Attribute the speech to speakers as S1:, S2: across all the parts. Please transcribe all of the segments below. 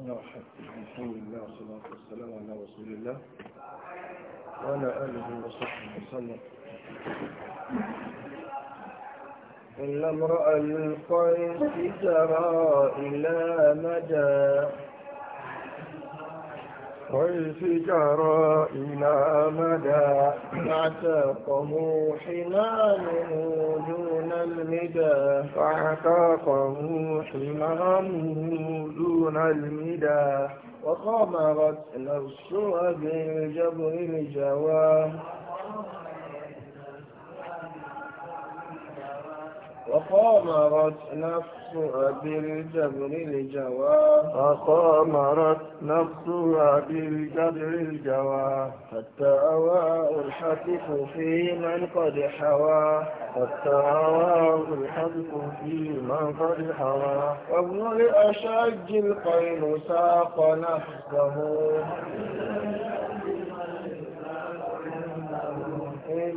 S1: الحمد لله والصلاة والسلام على رسول الله
S2: وعلى آله
S1: وصحبه وسلم إن امرأ القيس ترى إلى مدى وبفكرائنا مدى مع طموحنا منه دون المدى فعتى طموحنا منه دون المدى وخمرت نفسها بالجبر الجواه وقامرت نفسها بالجبر الجواه وقامرت نفسها بالجبر الجواه حتى أوى الحتف في من قد حوى حتى أوى الحتف في من قد حوى وابن لأشج القين ساق نفسه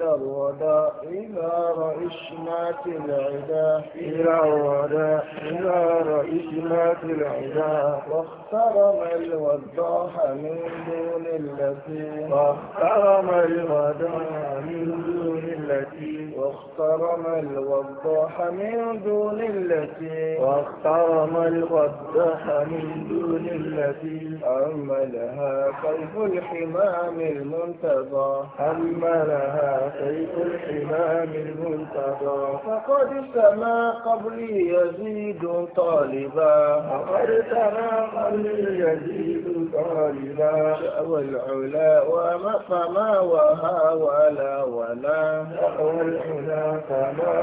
S1: الوداع إلى رئيسمات العدا إلى الوداع إلى رئيسمات العدا واخترم الوداع من دون التي واخترم الوداع من دون التي واخترم الوضاح من دون التي واخترم الوضاح من دون التي أملها كيف الحمام المنتظى أملها كيف الحمام المنتظى فقد سما قبلي يزيد طالبا فقد سما قبلي يزيد طالبا شأو العلا وما فما وها ولا ولا أخلق العلا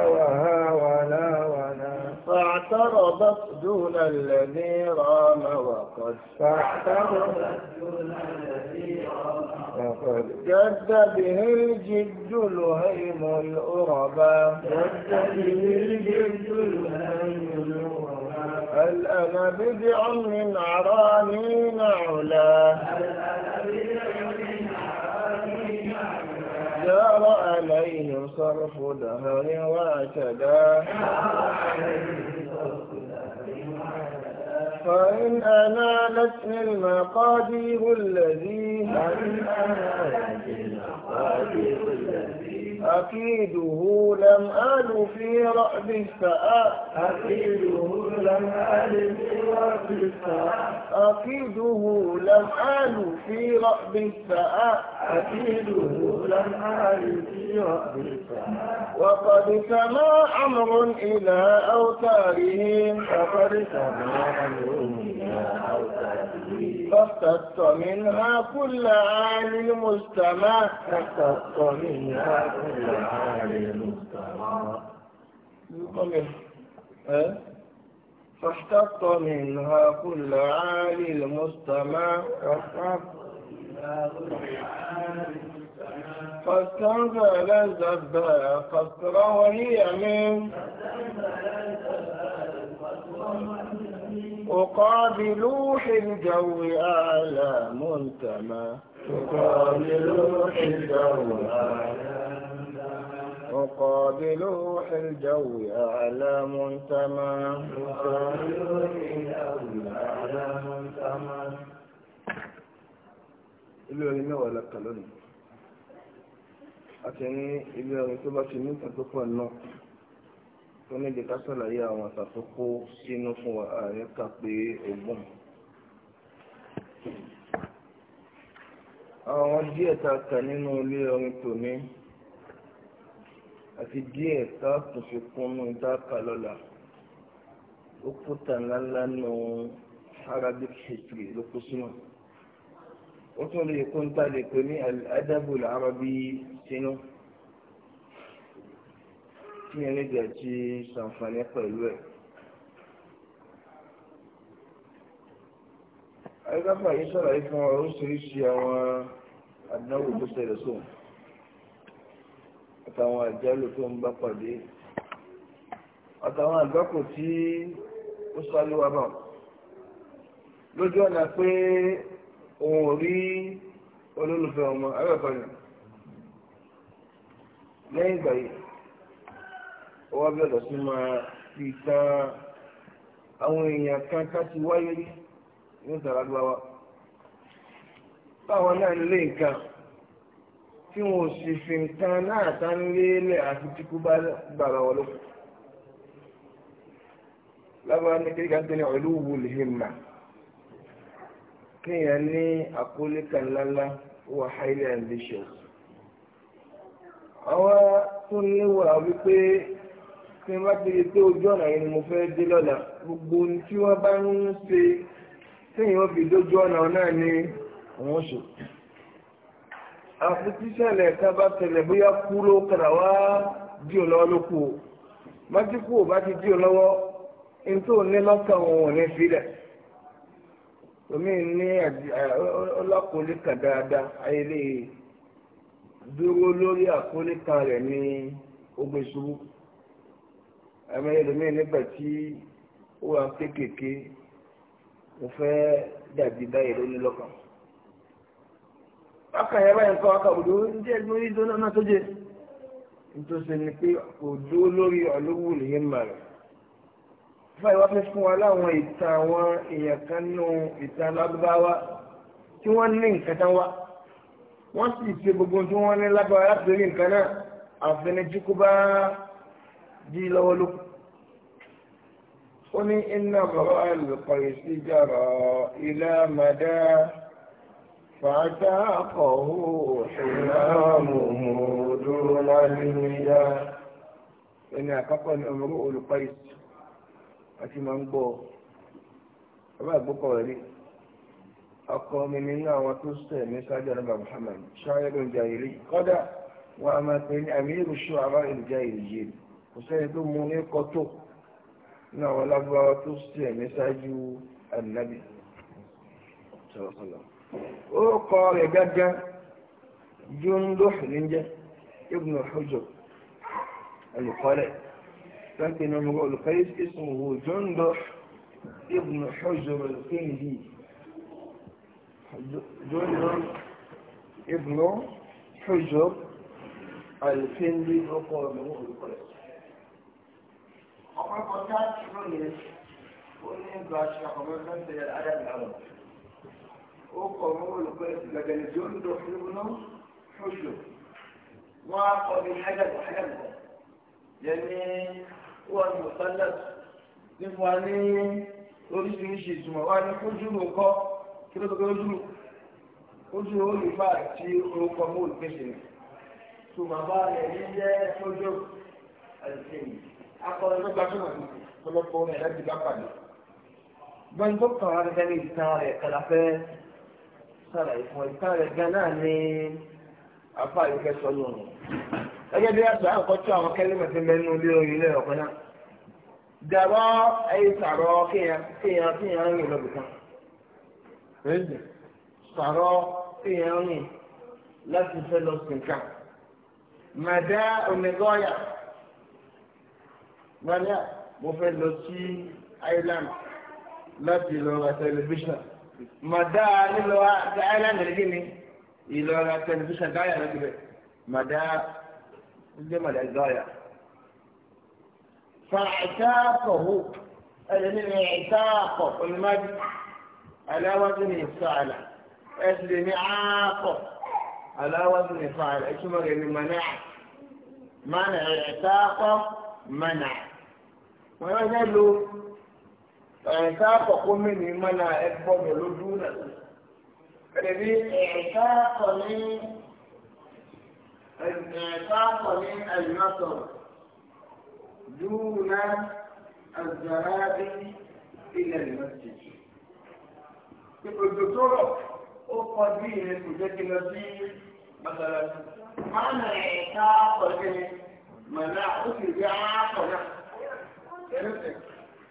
S1: وها ولا ولا فاعترضت دون الذي رام وقد فاعترضت
S2: دون الذي رام وقد
S1: جد به الجد الهيم الأربى جد به الجد الهيم الأربى هل أنا بدع من عرانين علا هل أنا بدع عليه صرف دهر واعتدى فإن أنالتني المقادير الذي فإن المقادير الذي أكيده لم أل في رأب السأل أكيده لم أل في رأب السأل أكيده لم أل في رأب السأل أكيده لم أل في رأب الساء وقد سما أمر إلى أوتارهم وقد سما أمر إلى أوتارهم فاختط منها كل عالي مستمع فاختط منها كل عالي مستمع أه؟ فاحتط منها كل عالي المستمع فاستنزل الزباء قصرا وهي من
S2: فاستنزل الزباء قصرا
S1: أقابل روح الجو أعلى منتمى أقابل روح الجو أعلى أقابل روح الجو أعلى منتمى أقابل روح
S2: الجو أعلى
S1: منتمى إلى أين ولا la kà إلى أين تبقى ilé orin tó bá tó níbi ká sàlàyé àwọn àtàkókò sínú fún wa ààrẹ kà pé ogún. àwọn díẹ̀ tá a kà nínú ilé orin tòní àti díẹ̀ tá a tún fi kúnnú dáàkà lọ́la ó kúta ńláńlá nù Arabic history ló kó sínú ó tún lè kó ń tà lè pè ní al-adabul arabi sínú tí ẹnìjẹ ti ṣàǹfààní pẹ̀lú ẹ̀. ayélujára yìí ṣàlàyé fún ọ oríṣiríṣi àwọn àdánwò tó ṣẹlẹ̀ sóun àtàwọn àjálù tó ń bá pàdé àtàwọn àgbákò tí ó ṣáléwá bá lójú ọ̀nà pé òun ò rí olólùfẹ́ ọmọ abẹ́fẹ́ lẹ́yìn ìgbà yìí wọ́n bẹ̀rẹ̀ sí máa fi tan àwọn èèyàn kan ká ti wáyé rí ní ìsàlágbáwá báwọn náà lé nǹkan tí wọn ò sì fi nǹkan náà tán lélẹ̀ àti tíkú bá gbàrà wọn lókun lábàá ní kékeré kan tẹ́lẹ̀ ọ̀lú wù lè mà kéèyàn ní àkólé kan lálá wà highly ambitious àwọn tó níwà wípé. tí wọ́n bá ti rí pé ojú ọ̀nà yìí ni fẹ́ dé lọ́la gbogbo ohun tí wọ́n bá ń ṣe sẹ́yìn wọ́n fi dójú ọ̀nà náà ni àwọn ṣe. àfi ká bá tẹ̀lẹ̀ bóyá kú ló wá dí lọ́wọ́ o májíkù ò bá ti dí ò lọ́wọ́ nítorí òun ní lọ́kàn òun ò ní ẹ̀mẹ́ ẹlòmíì nígbà tí ó wà kéékèèké mo fẹ́ dàbí báyìí lónìí lọ́kàn. ọkàn yẹn báyìí nǹkan ọkàn òdò ń jẹ́ ẹgbẹ́ náà tó jẹ́ nítòsí ni pé òdò lórí ọ̀lówó nìyẹn mà rẹ̀. fúnra ìwà fẹ́ fún wa láwọn ìtàn àwọn èèyàn kan nù ìtàn lágbáwá tí wọ́n ní nǹkan tán wá wọ́n sì ṣe gbogbo tí wọ́n ní lágbára láti rí nǹkan náà àfẹnẹ́jú kó bá dí lọ́wọ́ lókù ó ní iná bàbá àlùkò ìsíjàrọ̀ ilé àmàdá fàájà àkọ́hó ìlàmùmù dúró lálẹ́mìíyá ẹni àkọ́kọ́ ní ọmọ olùkọ́ ìsì àti máa ń gbọ́ bàbá àgbókọ̀ rí ọkọ mi nínú àwọn tó sẹ̀ ní sáájú àdúgbò Muhammad ṣááyẹ̀dùn jàìrí kọ́dà wọn a máa pè ní àmì ìrùsùn àbá ìlú jàìrí kò sẹ́ni tó mú ní kọ́tò ní àwọn lágbára tó sì ẹ̀mí ṣáájú ànábì ó kọ rẹ̀ gángan jundub níjẹ́ ibn hujr olùkọ́lẹ̀ láti ní ọmọ olùkọ́ ismuhu jundub ibn hujr al-kindi jundub ibn hujr al-kindi ó kọ rẹ̀ olùkọ́lẹ̀ ọ̀pọ̀lọpọ̀ tí a ti lóye ó ní ìgbà ṣe àkọ́kọ́ tó ń tẹ̀lé adájọ́ àwọn ó kọ̀ mọ́ olùkọ́ gàgàlì tí ó ń dọ̀ fún un náà ṣoṣo wọ́n á kọ́ ní adájọ́ adájọ́ yẹni wọ́n ní ọ̀sánlẹ̀ nípa ní oríṣiríṣi ìtumọ̀ wá ní kójú ló kọ́ kí ló tó kọ́ ojú ojú àti orúkọ mọ́ olùpèsè tó bàbá rẹ̀ ní jẹ́ sójú àti ìyẹn akọrin tó gbajúmọ̀ ní ọlọ́pọ̀ orin ẹ̀rẹ́ ti bá pàdé. gbọ́n tó kàn wá gẹ́gẹ́ bí ìtàn rẹ̀ kàlàfẹ́ sára ìfún ìtàn rẹ̀ gan náà ní àfa ìfẹ́ sọ lónìí. gẹ́gẹ́ bí àṣà àkọ́tún àwọn kẹ́lẹ́mẹ̀tì mẹ́nu ilé orin ilé ọ̀kan náà. dàrọ́ ẹyin sàrọ́ kéèyàn kéèyàn kéèyàn ń rìn lọ́bì kan. sàrọ́ kéèyàn ń rìn láti fẹ́ lọ sí nǹkan. màdá omegọ́yà mọ́nà mo fẹ́ lọ sí Ireland láti lọ ra tẹlifíṣàn màdá nílò àti Ireland rẹ̀ kí ni ìlọra tẹlifíṣàn gáyà lọ́ti bẹ̀ màdá ndé màdá gáyà. fàtàkọ̀hó ẹ̀yẹ́nì ní ìtàkọ̀ olùmọ́bí aláwọ̀dún ní ìfàlà ẹ̀sìn ní àákọ̀ aláwọ̀dún ní ìfàlà ìtumọ̀ rẹ̀ ní mọ̀nà mọ̀nà ìtàkọ̀ mọ̀nà. wọn yẹ lo ẹ̀ka àkọ́kọ́ mẹ́ni mọ́nà ẹ̀gbọ́n mi lójú náà ẹ̀rẹ̀ bí ẹ̀ka àkọ́ ní ẹ̀ka àkọ́ ní àyùmọ́tò dúró náà àzàràbí ilẹ̀ ìmọ̀tì. Ìpèjò tó rọ̀ ó kọ bí ìrìn kò jẹ́ kí lọ sí mọ́sálásí. Máa nà ẹ̀ka àkọ́ ní mọ̀nà ó sì rí àkọ́ náà.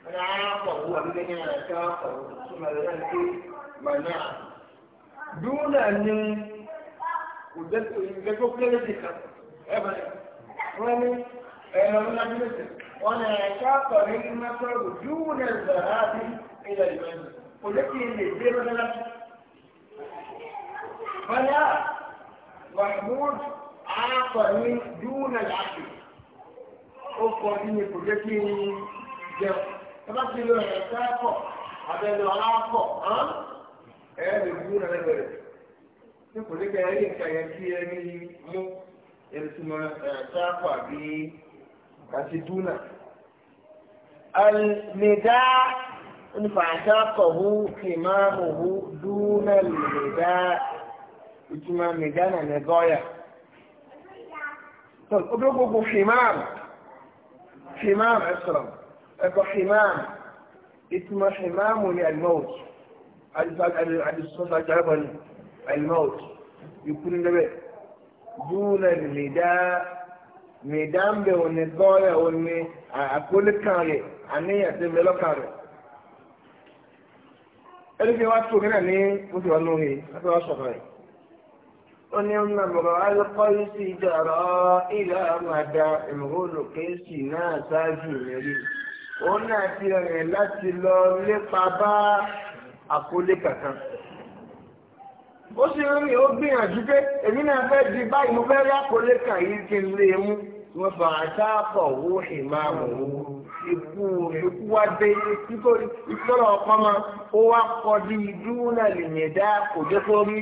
S1: أنا عاقه هو بدني أنا ثم ذلك منع
S2: دون أن
S1: وجدت وجدت كل وأنا أنا مجلس وأنا دون الذهاب إلى المنزل ولكن للبيت مثلا فلا محمود عاقني دون العقل ó kọ ní ipò jẹ́ kí n jẹun ẹ bá ti lo ẹ̀ka pọ̀ abẹ́lẹ̀ ọ̀la pọ̀ ẹ̀ lè wú rẹ̀ lẹ́gbẹ̀rẹ̀ ní kò ní kẹ́ ẹ̀rí nǹkan yẹn kí ẹ ní mú ìrìsìmọ̀ ẹ̀ka pọ̀ àbí kàṣídúnà. النداء فاعتقه إمامه دون النداء ìtumọ̀ nìdánà ní gọ́yà. Obìnrin gbogbo fìmáàmù حمام عسرا أبو حمام اسمه حمام الموت على الصوت جربا الموت يكون النبي دون النداء ميدان به ونزايا ون أقول كاري أني أتم له كاري ألف يواتو هنا ني مثل أنه هي أتوا شغالي onímọ̀ mọ̀rọ̀ alẹ́kọ́ sí ìdọ̀rọ̀ ilẹ̀ àmàdà ìmọ̀rọ̀ kẹ́sì náà ṣáájú ìrírí òun náà ti rìn láti lọ lépa bá àkọlé kankan ó sì rí ó gbìyànjú pé èmi náà fẹ́ di báyìí mo fẹ́ rí àkọlé kan yìí kí n lè mú wọn fà á sáàpọ̀ owó ìmáàmù owó ikú ikú wa dé kíkó ìtọ́lọ̀ ọ̀pọ̀ máa ó wá kọ́ di dúró náà lè yẹn dá kò jẹ́ kó rí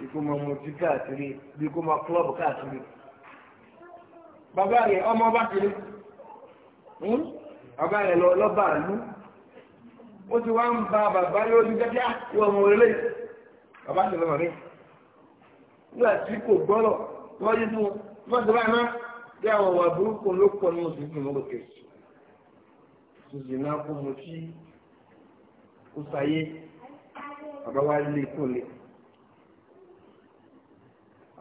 S1: bí kò máa mutí káàkiri bí kò máa klọ́ọ̀bù káàkiri bàbá rẹ̀ ọmọ bá kiri hmm? bàbá rẹ̀ lọ lọ́ba àlú ó ti wá ń ba bàbá lórí gẹ́gẹ́ àti ọmọ orílẹ̀ bàbá ti lọ́mọ rẹ̀ nígbà tí kò gbọ́rọ̀ wọ́n yí fún un wọ́n ti bá iná bí àwọn ọ̀wà burúkú ló pọ̀ ní oṣù fún ìmọ̀gbọ̀n kẹsì tuntun náà kó mo tí ó sáyé bàbá wa lè kó lè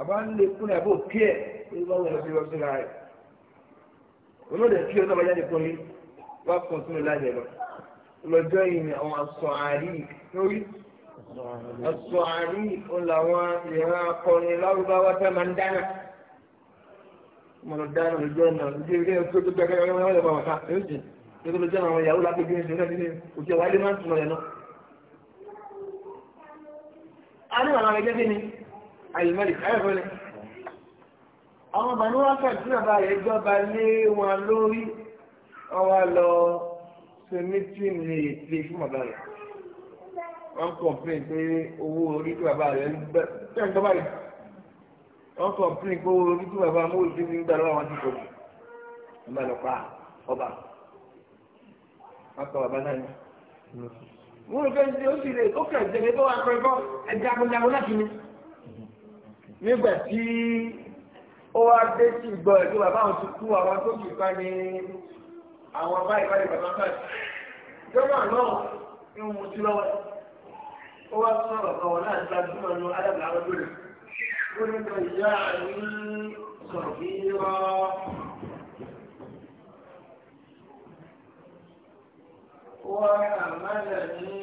S1: àbá ń lè kúnlẹ̀ àbó kí ẹ̀ lórí bá wọn lọ sí lọ sí ra rẹ̀ olóde kí ọ sábà jáde kúnlẹ̀ wá kún sínú lájẹ lọ lọ́jọ́ ìrìn àwọn aṣọ àárí lórí aṣọ àárí làwọn ìran akọrin lárúbáwá tá máa ń dáná mo lọ dáná lọ́jọ́ náà lójú ilé ẹ̀kọ́ tó gbẹ wọn lọ bá wọn ká ẹ̀ ń lọ́jọ́ àwọn ìyàwó lápẹ́jọ́ ìṣẹ̀lẹ̀ nílé òkè wáyé máa ń sùn lọ yẹn náà àyìnmẹ́lì ẹ̀fọ́lẹ̀ àwọn bàbá wọn kà sí bàbá rẹ̀ jọba lé wọn lórí ọwọ́ lọ ṣe mítìmì ètè fún bàbá rẹ̀ wọ́n kọ̀m̀plé pé owó orí tí bàbá rẹ̀ ń gbẹ́ tẹ́ ń gbọ́ báyìí wọ́n kọ̀m̀plé pé owó orí tí bàbá mọ́wó ti ń gbà lọ́wọ́ wọn ti kọ̀ lọ pa ọba wọ́n kọ bàbá náà ni wọ́n fẹ́ẹ́ ṣe ó sì lè ó kẹ̀ nígbà tí ó wá dé sí ìgbọ́ ẹ̀ tó bàbá àwọn ti kú àwọn tó kì í ká ní àwọn báyìí báyìí bàbá báyìí. ìjọba náà ń mu sí lọ́wọ́ ó wá sọ̀rọ̀ kan wọn láti gbajúmọ̀ ní adábàá àwọn lórí. ó ní kan ìyá mi sọ̀rọ̀ kí rọ́. wọ́n àmàlà ní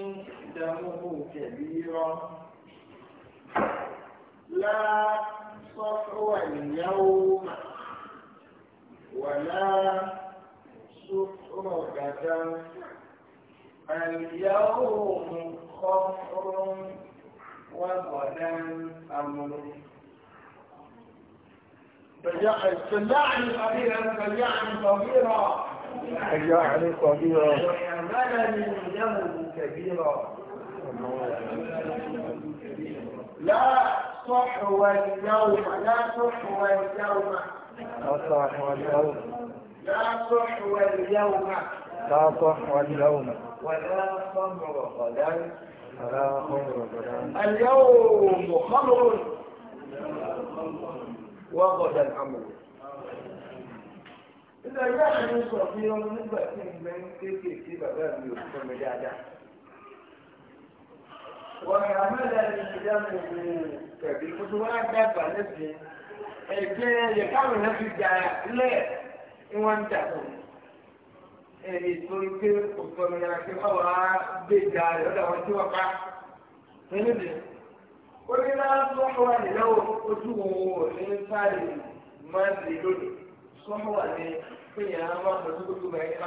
S1: ìdààmú kẹ̀lí rọ́. ولا صفو اليوم ولا غدا اليوم خفر وغدا أمر فجعل فليعني صغيرا فليعني صغيرا فجعل صغيرا ويعملني له كبيرا لا النوم لا صح اليوم لا صحو اليوم لا صح اليوم لا صحو اليوم ولا خمر غدا ولا
S2: خمر غدا
S1: اليوم خمر وغدا عمل إذا يوم صغير بالنسبة للبنك كيف بابا يحكم جادا وحمل الدم tẹ̀bí kó tó wá dàgbà lẹ́sìn ẹ̀jẹ̀ ẹ̀yẹ náà fi jà lẹ̀ kí wọ́n ń jà ẹ̀yìn torí pé òtún ọ̀nà yàrá pé báwo á gbé jà rẹ̀ lọ́dọ̀ àwọn tí wọ́n pa nínú ìdè. ó ní wọn ní máa ń lónìí sọ́mọ́ wà ní máa ń lọ sí gbogbo ẹ̀ ká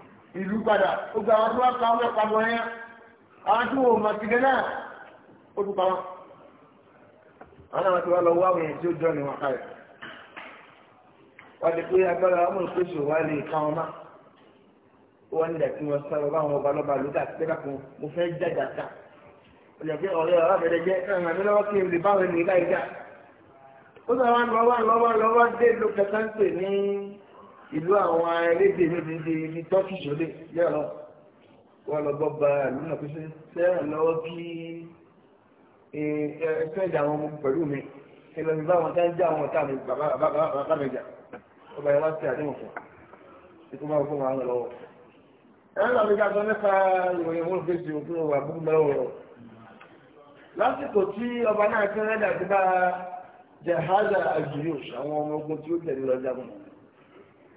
S1: ìlú padà ó gba àwọn tó wá pa ọmọ ẹ̀pá wọn yẹn àwọn tí wọn ò mọ̀ sílẹ̀ náà ó tún pa wọn. àwọn àwọn tí wọn lọ wá àwọn èèyàn tí ó jọ ní wọn kalẹ̀ wọ́n ti pé agbára ọmọ ìpèsè wa lè ká wọn má wọ́n nílẹ̀ tí wọ́n sọ ọba àwọn ọba lọ́ba lóga àti pẹ́ẹ́ká kan mo fẹ́ jájà ká ọjà ọ̀rẹ́ ọ̀rẹ́ àbẹ̀rẹ̀ jẹ́ ẹ̀ràn àmì lọ́wọ́ kí n lè ìlú àwọn elédè níbi ibi ní tọ́kì sólè yàrá wọn lọ bọ́ ba ìlú náà pèsè sẹ́yìn lọ́wọ́ kí ẹ̀ẹ́dẹ́gbẹ̀rún ìjà àwọn ọmọ pẹ̀lú mi kí lọ́ọ́ fi bá wọn sáńjà àwọn ọ̀tá mi bàbá mi jà ọba yẹn wá sí àdéhùn fún ikú máa fún wọn lọ́wọ́. ẹ̀rọ àmì ká sọ nípa ìròyìn wọn fèsì òfin òwà gbogbo lọ́wọ́ rọ̀ lásìkò tí ọba náà kẹ́rẹ́dà ti bá jahaza àjùyọ̀ àwọn ọmọ ogun tí ó tẹ̀lé lọ́jà mọ́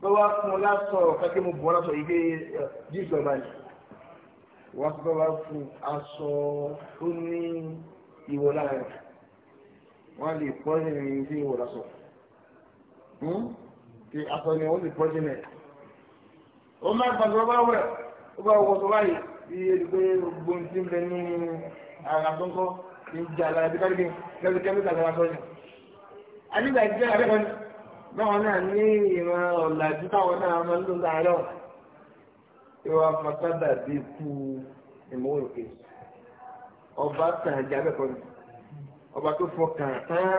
S1: pé wá fún ọ lásọ kẹ́kẹ́ mo bọ̀ lásọ ìgbé jíìsì ọba yìí wá fún ọ fún aṣọ tó ní ìwọ lára rẹ̀ wọ́n lè pọ́ ìrìn sí ìwọ lásọ ti aṣọ ni wọ́n lè pọ́ sí rẹ̀ ó má gbàgbọ́ bá wẹ̀ ó bá wọ̀ sọ báyìí bí edigbo gbogbo ti ń bẹ ní ara tó ń kọ́ ní ìjà lára bí káríkì kẹ́míkà lọ́wọ́ aṣọ yìí. àdìgbà ìdíjẹ́ abẹ́kọ̀ọ́ báwọn náà ní ìran ọ̀làjú táwọn náà máa ń lò láàárọ̀ ìwà fasadà bí ikú ìmọ̀wòròkè ọba tàn jẹ abẹ́kọ̀ ni ọba tó fọkàn tán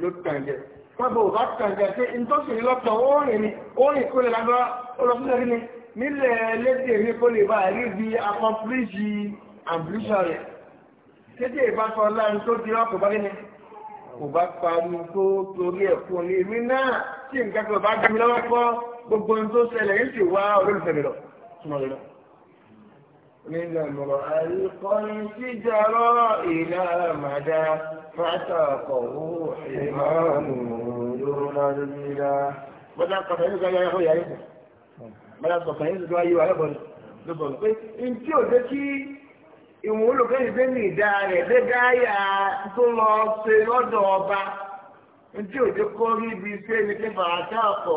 S1: ló tàn jẹ pápá ọba tàn jẹ pé ntọ́sìn lọ́tọ̀ ó rìn ni ó rìn kó lè lágbára ó ni nílẹ̀ lédè mi kó lè bá rí bí akọ́píríṣì àbúríṣà rẹ̀ kéde ìbátan ọlá ní tó di ni kò bá parí tó torí ẹ̀ fún ní èmi náà tí nǹkan kan bá gbẹmí lọ́wọ́ kọ́ gbogbo ohun tó ṣẹlẹ̀ ń sì wá olólùfẹ́ mi lọ súnmọ́ mi lọ. Nínú ọ̀rọ̀ àìkọ́ni síjàrọ̀ ìlà àmàdá fàtàkọ̀ owó ìmáàmù lóró lárúbílá. yóò gbáyà ẹ̀kọ́ yàrá Bọ́dá kọ̀ọ̀kan yóò gbáyà ìwọ̀n olùkẹ́yìn dé ní ìdá rẹ̀ dé gáyà tó lọ ṣe lọ́dọ̀ ọba ntí òjò kọ́ rí ibi iṣẹ́ ni ọkọ̀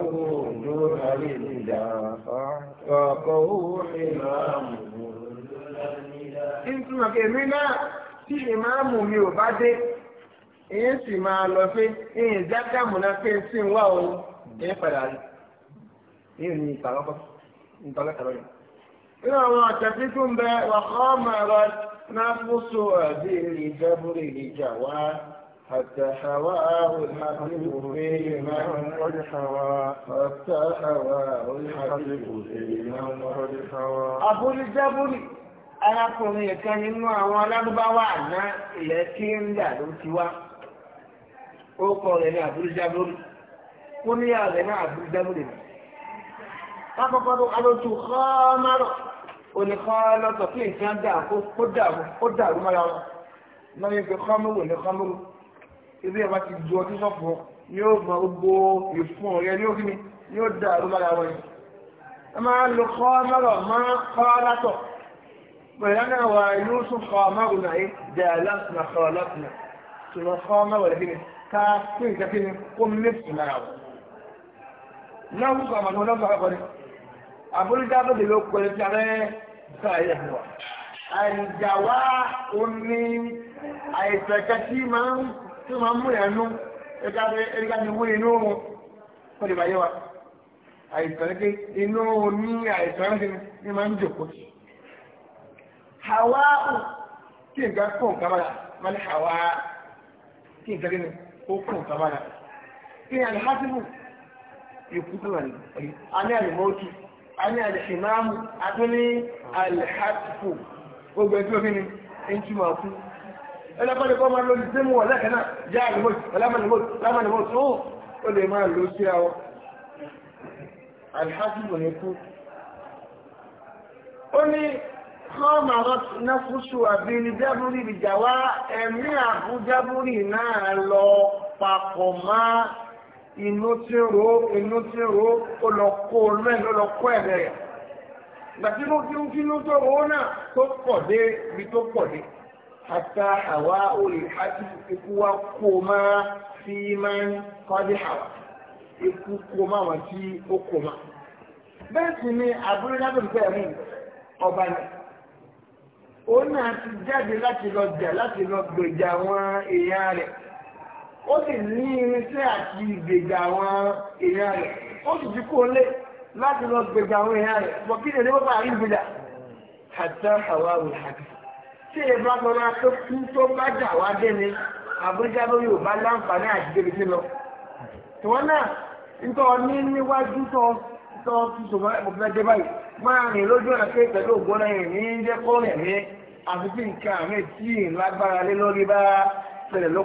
S1: òjò ìdá ọkọ̀ ìdá. ìtumọ̀ náà tí ìmáàmù mi ò bá dé èyí sì máa lọ pé jákàmù náà pé sí ń wá òun padà rí nínú àwọn àtẹ̀sí tó ń bẹ wàhálà rẹ náà fúso àbí èrè ìjábúrè ìjà wá àtẹ̀hàwá olùhàbíbùrè máa ń kọ́dí hàwá àtẹ̀hàwá olùhàbíbùrè máa ń kọ́dí hàwá. àbúrújábúrì arákùnrin kan nínú àwọn alárúbáwá àná ilẹ̀ kíńdà ló ti wá ó kọ rẹ̀ ní àbúrújábúrì ó níyàwó rẹ̀ ní àbúrújábúrì. lákòókò tó alótú kọ́ márùn-ún oníkan lọ́sọ̀ pé nǹkan dà kó dàrú kó dàrú mọ́ra wọn náà yẹ pé kọ́múrù ní kọ́múrù ibi ìwà ti ju ọtí sọ́pù yóò mọ gbogbo ìfún rẹ ní òkìní yóò dàrú mọ́ra wọn yìí. ẹ máa ń lo kọ́mọ́rọ̀ mọ́ kọ́látọ̀ pẹ̀lú náà wà ìlú sùn kọ́mọ́rù náà yìí dẹ̀ lásìnà kọ́látìnà ṣùgbọ́n kọ́mọ́rù rẹ̀ kíni ká pín nǹkan kíni kó mẹ́sì lára wọn. náà wúkọ̀ àmàlà ọlọ́gbà àbúrúdábò lè ló pẹ̀lú sáré sáyẹ̀ wà. àìjàwá omi àìsẹ̀kẹ́ tí máa ń tí máa ń mú ẹnu ẹ̀ka ti mú inú wọn kó lè báyé wa. àìsàn ké inú omi àìsàn ké ní máa ń jòkó. hàwa kí nǹkan kó nǹkan bára máa ní hàwa kí nǹkan kíni ó kó nǹkan bára. kí ni àlùmásìmù ìkú tó wà ní alẹ́ àlùmọ́ọ́tù a ní alìṣìmáàmù a tún ní alìhàtìfò gbogbo ẹ̀tí òfin ni ń túmọ̀ fún ẹlẹ́pàdé kọ́ máa lórí sẹ́mu wọ̀ lẹ́kẹ̀ẹ́ náà já àlùmọ́tì ọlámọ̀lùmọ́tì lámọ̀lùmọ́tì ó ó lè máa lò sí àwọn alìhàtìfò ní kú ó ní kọ́ọ̀mà náfúsù àbíní jábúrì ìjàwá ẹ̀mí àbújábúrì náà lọ papọ̀ máa inú tí ń ro inú tí ń ro ó lọ kó mẹ́rin ó lọ kó ẹ̀rẹ́ rẹ̀ gbàtí mo fi ń finú tó ro náà tó pọ̀ dé ibi tó pọ̀ dé ata àwa olè àti ikú wa kó máa fi máa ń kọ́dé àwa ikú kó máa wà tí ó máa bẹ́ẹ̀ sì ni àbúrò lábẹ́ mi ọba náà òun náà ti jáde láti lọ jà láti lọ gbèjà àwọn èèyàn rẹ̀. ó sì ní irinṣẹ́ àti ìgbèjà àwọn èèyàn rẹ̀ ó sì o si láti lọ lati àwọn èèyàn rẹ̀ bọ̀ kí ni ẹni wọ́n bá rí gbèjà àtà àwa rò hàbí. tí èyí bá tó kú tó bá jà wá dé ni àbújá lórí ò bá láǹfààní àti débi sí lọ. tiwọn náà nítọ́ ní níwájú tó tó ti ẹ̀kọ́ fẹ́ báyìí máa rìn lójú ọ̀nà pé pẹ̀lú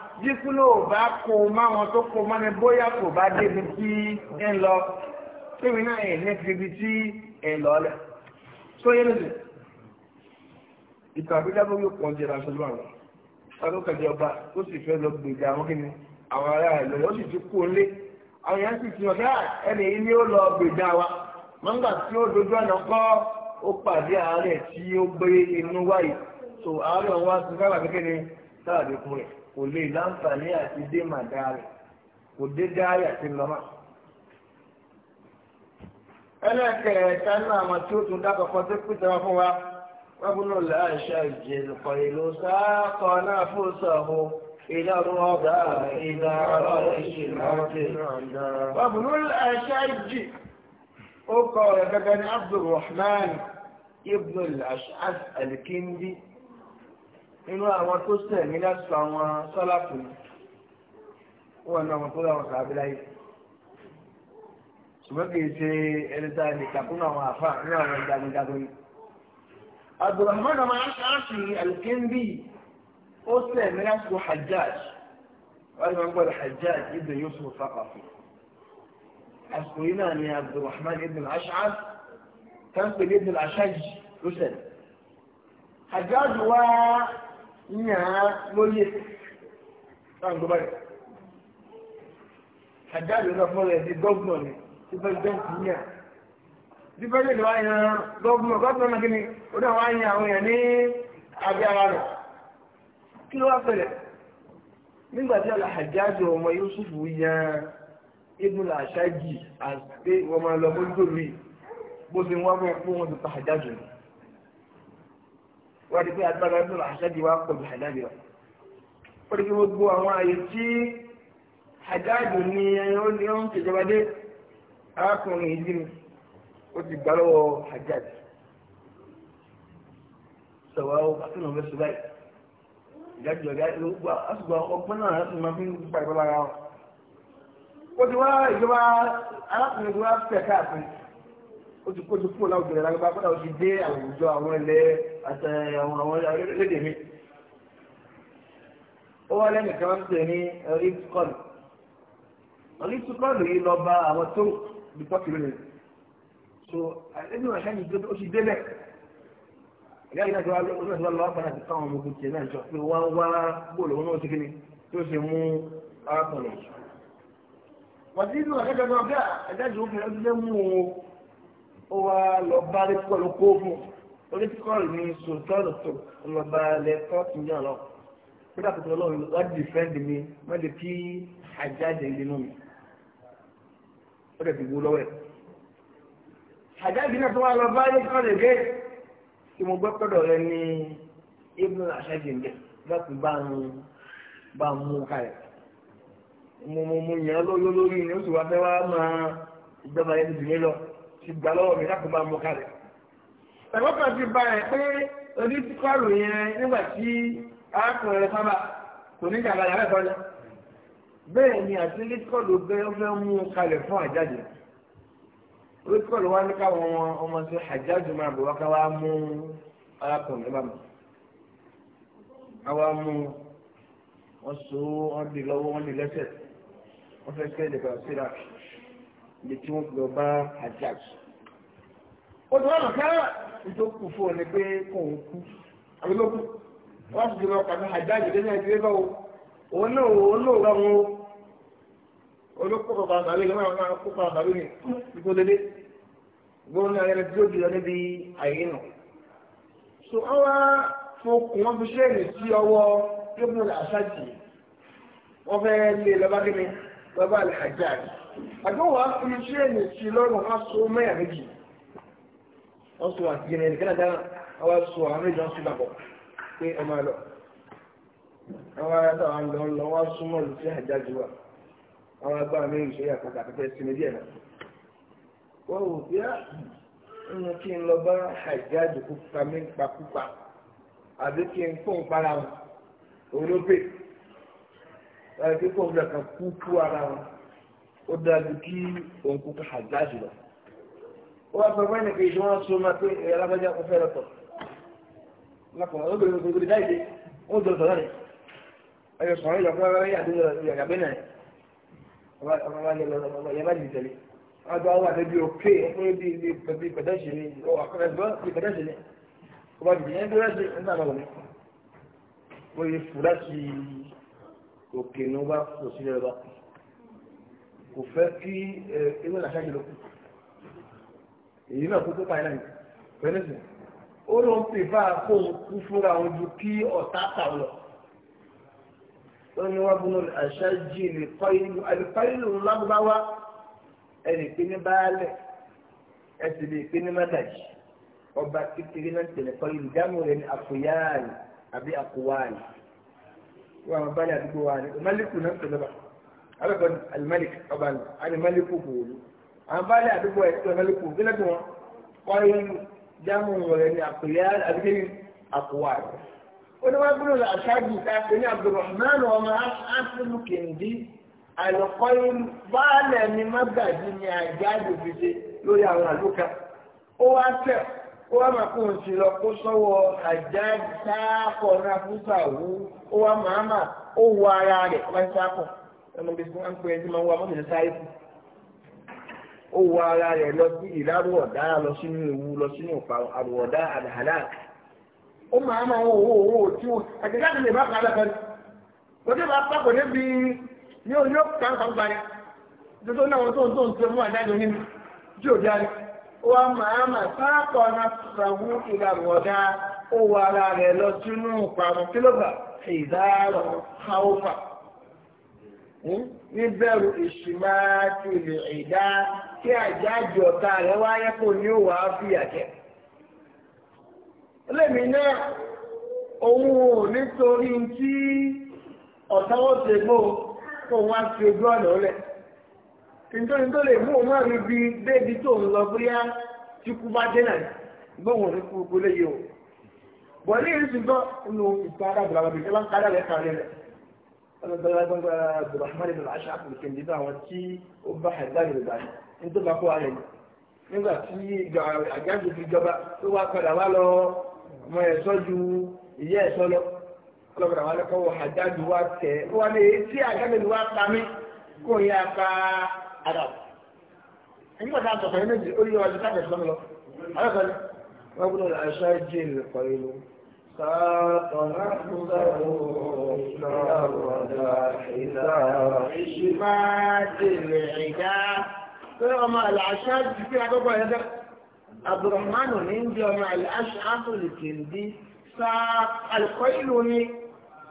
S1: yíkúlò bá kó máwọn tó kó mọ́ni bóyá kò bá débi tí ń lọ tóbi náà ẹ̀ ní débi tí ẹ̀ lọ lẹ̀ tó yẹ lóde ìtàn àbíjábọ̀ yóò pọ̀ jẹ́ aṣọ lọ́wọ́ àwọn ọdún kẹjọ ọba ó sì fẹ́ lọ gbèjà àwọn kìnnì àwọn ará ìlú ó sì ti kó lé àwọn yẹn sì ti ọ̀dá ẹni yìí ni ó lọ gbèjà wa mọ́ńgà tí ó dojú ọ̀nà kọ́ ó pàdé àárẹ̀ tí ó gbé inú wáyé tó àárẹ̀ wọn wá sí sábà kékeré sábà dé fún kò lè láǹfààní àti dé màdá rẹ̀ kò dé dáàrí àti lọ́mà. ẹlẹ́kẹ̀ẹ́ta náà àwọn tí ó tún dákọ̀kọ́ tó pèsè wá fún wa wọ́n bú náà láìṣà ìjẹ̀lùkọ̀ ìlú sáàkọ̀ náà fún sọ̀hún إلى الرضا إلى رأس العبد وابن الأشج أقرأ بن عبد الرحمن ابن الأشعث الكندي inú àwọn tó sẹ̀mí lásìkò àwọn sọ́làpù wọn náà wọn tó láwọn sàbí láyé ṣùgbọ́n kì í ṣe ẹni tá a lè kàkúnú àwọn àfa nínú àwọn ìdánidágbé yìí. abdulrahman ọmọ aṣááṣì alkindi ó sẹ̀mí lásìkò hajjaj wọ́n ti máa ń gbọ́dọ̀ hajjaj ibn yusuf faqafi. àsìkò yìí náà ni abdulrahman ibn ash'ath kan pè ní ibn ló sẹ̀mí. hajjaj wá yàn án lóye náà gbọ́ báyìí àjáde náà fún di gọ́ọ̀nà ni tí bẹ́ẹ̀ dẹ́ǹtì yàn bí bẹ́ẹ̀ lè wá yan gọ́ọ̀nà gọ́ọ̀nà náà kíni ó náà wá yan àwọn èèyàn ní abẹ́ ara rẹ̀ kí ló wá pẹ̀lẹ̀ nígbà tí àjáde ọmọ Yúsúfù yan ibùdó àṣájì àti wọ́n máa lọ mójútó wọ́n ti pé agbára ẹgbẹ́ àṣẹ́jì wa pọ̀ ju àdájọ́ ó ti fi gbogbo àwọn àyè tí àdájọ́ ni ẹ̀yìn ó ní ó ń tẹ̀jọba dé arákùnrin ìdí mi ó ti gbà lọ́wọ́ àjáde sọ̀rọ̀ àtúnà ọ̀rẹ́ sọ báyìí ìdájọ́ ọ̀gá àṣùgbọ́n ọgbọ́n náà láti máa fi ń gbà ìbọn lára wọn. ó ti wá ìjọba arákùnrin tó wá fẹ̀ káàkiri ó ti kó ti kúrò láwùjọ rẹ̀ lágbá kódà ó ti dé àwùjọ àwọn ilẹ̀ àtàwọn àwọn lédè mi ó wá lẹ́nu kan ń pè ní ríkọ́lù ríkọ́lù yìí lọ bá àwọn tó bí tọ́kì lónìí so ẹni wọn ṣáà ní ìjọba ó ti débẹ̀ ìyá yìí náà ti wá lọ́wọ́ ti wá lọ́wọ́ padà sí káwọn ọmọ ogun tiẹ̀ náà jọ pé wá wá bóòlù wọn náà ti kíni tí ó ṣe mú arákùnrin yìí wọ́n ti ní ọ̀gá ìjọba ọ̀gá o ó onítíkọ́ọ̀lù ní sultana tó ọlọ́ba alẹ́ tọ́ọ̀tù ní àná kódà kòtò ọlọ́run wá dìfẹ́ǹdì mi má lè kí àjáde nínú mi ó dẹ̀ fi wú lọ́wọ́ ẹ̀. àjáde náà tó wà lọ bá nítorí gé tí mo gbọ́ pẹ́dọ̀ rẹ ní ibùdó àṣájì ń bẹ̀ láti bá ń bá ń mú ká rẹ̀. mo mo mo yàn án lórí olórí ni ó sì wá fẹ́ wá máa ìjọba yẹn ti dùn mí ti gbà lọ́wọ́ mi láti bá ń mú ká rẹ̀ tàbọ́kà ti bá ẹ̀ pé oníkọ́rù yẹn nígbà tí arákùnrin rẹ̀ sábà kò ní ìjàmbá yàrá ìtọ́jà bẹ́ẹ̀ ni àti oníkọ́rù bẹ́ẹ̀ ó fẹ́ mú un kalẹ̀ fún àjáde oníkọ́rù wa ní káwọn ọmọ sí àjáde máa bọ̀ wá ká wá mú arákùnrin bá mọ̀ àwa mú wọn so wọn di lọ́wọ́ wọn di lẹ́sẹ̀ wọn fẹ́ kẹ́ ẹ̀dẹ̀gbà síra ibi tí wọ́n lọ bá àjáde ó ti wọ́n kẹ́rẹ́ ìtòkù fún ọ ni pé kò ń kú àbílòkù wọ́n sì jùlọ pàtó àjáde lé ní ẹgbẹ́ lọ́wọ́ òun náà òun náà rọrùn o olókùn bàbá àbálẹ́ ìlú máa ń kó bàbá àbálẹ́ ní ìtò dédé gbóhùn náà yẹn tí ó jùlọ níbi àyè nù. so àwọn fokùn wọn fi ṣéènì sí ọwọ́ ibùn àṣàjì wọ́n fẹ́ lé lọ́ba kí ni lọ́ba àlẹ́ àjáde àdéhùn wa fi ṣéènì sí lọ́rùn wọn so mẹ́yà méjì wọ́n sọ àtìyẹn ẹnì kẹ́lá dáná àwọn sọ àwọn méjì wọ́n sọ papọ̀ pé ẹ máa lọ àwọn ará àwọn lọ lọ wọ́n súnmọ́ lù sí àjájú wa àwọn agbára méjì sọ yàtọ̀ àtẹ̀fẹ́ sinmi díẹ̀ náà wọ́n wò bí nínú ah, kí n lọ bá àjájú kúpa mí pakúpa àbí kí n fún para wọn olóbè àbí kí n fún ọ̀dà kan kú kú ara wọn ó dájú kí òun kú ká àjájú lọ wọ́n sọ fún ẹnìkan ìṣe wọn sọ ma pé ẹ̀rọ afẹ́jẹ́ ọ̀fẹ́ rẹ̀ tọ̀ lọ́kùnrin olóògbé olóògbé dáìdé ó jọ sọ̀rọ̀ rẹ̀ ẹ̀yọ sọ̀rọ̀ ìlọ fún ẹ̀rọ àdúgbò yàgbé náà yàgbá ní ìtẹ̀lé wọ́n gba owó àti bí òkè fún bí bí pẹ̀dẹ́sì ni ọ̀kọ̀rẹ́gbọ́n bí pẹ̀dẹ́sì ni ó bá dìde ẹgbẹ́ rẹ̀ sí nígbà náà wọ̀nyí wọ́n yẹ fù láti òkè ní wọ́n bá kò sílẹ̀ bá kò fẹ́ kí ewé làṣájú lókun èyí náà kó tó pa ẹlẹ́yìn pẹ̀lẹ́sì ó ló ń pè bá kó ń kú fúnra wọn ju kí ọ̀tá tà lọ. ó ní wọ́n búnú àṣà jí ní kọ́ìlú àlùkọ́ìlú lágbáwá ẹnì pé ní báálẹ̀ ẹ sì lè pé ní mọ́tàjì ọba kékeré náà tẹ̀lé kọ́ìlú dámú rẹ̀ ní àkóyáàlì àbí àkówáàlì. wọ́n àwọn báálẹ̀ àdúgbò wa ni málíkù náà tẹ̀lé bá alùpàdé àlùmálíkù ọba àlùmálíkù kò wọlé àǹfààní àdúgbò ẹ̀ tí wọ́n lè kù kí lẹ́tọ̀ wọn wọ́n yí jámù rẹ̀ ní àpèlé àdúgbò àkùwà rẹ̀. ó ní wọ́n gbúdọ̀ àṣáájú káfíń ní Abdulrahman ọmọ asilu kìndí àlùkọ́ baálẹ̀ ní mọ́gàdí ní àjáde fìdí lórí àwọn àlùkà ó wá tẹ̀ ó wá máa kó nsì lọ kó sọ́wọ́ àjáde sáàkọ̀ náà fún sàwú ó wá màmá ó wọ ara rẹ̀ wọ́n ó wọ ara rẹ̀ lọ sí ìlàrú ọ̀dá lọ sínú ewu lọ sínú àrùn ọ̀dá àdàhàlà ó máa máa wọ owó owó tí ti lè bá kan lọ́kàn lọ́jọ́ bá pàpọ̀ débi ní o yóò kàn kàn tuntun náà wọn tó ń tó ń tó fún àdájọ nínú tí ò jáde ó máa máa sáàpọ̀ náà ìlàrú ọ̀dá ó kí àjájì ọ̀tá rẹ̀ wáyé kò ní ò wá fi àjẹ́. lèmi náà òun ò nítorí tí ọ̀táwọ́ ṣe gbó kó wá sí ojú ọ̀nà rẹ̀. nítorí tó lè mú òun àrí bí débi tó ń lọ bóyá tí kú bá dé náà gbóhùn ní kúrúkú léyìí o. bọ̀ ní ìrísí gbọ́ nínú ìtàn arábìlà wọn bí kí ń kárí àlẹ́ kan lẹ́lẹ̀ ọlọ́dọ́lọ́gbọ́n abdulrahman ibn ashaf nìkan nínú àwọn tí ó bá àìdáyé rẹ̀ báyìí nítorí bá kó ara yìí nígbà tí àgájù fi jọba tó wá padà wá lọ ọmọ ẹ̀sọ́ ju ìyá ẹ̀sọ́ lọ ọlọ́pàá wà lọ́kọ́ àjáde wá tẹ̀ wọ́n ní tí àjáde wá pa mí kó yẹ apá àdà. ẹ̀yin pàtàkì àtọ̀kọ̀ gbọ́dọ̀ àṣà jẹ́ ìrẹ̀kọ̀ yìí ساق نحبه إلى الرداء إلى حشمات العدا فيهم العشاد في عقبة هذا عبد الرحمن من جمع الأشعث الكندي ساق القيلوني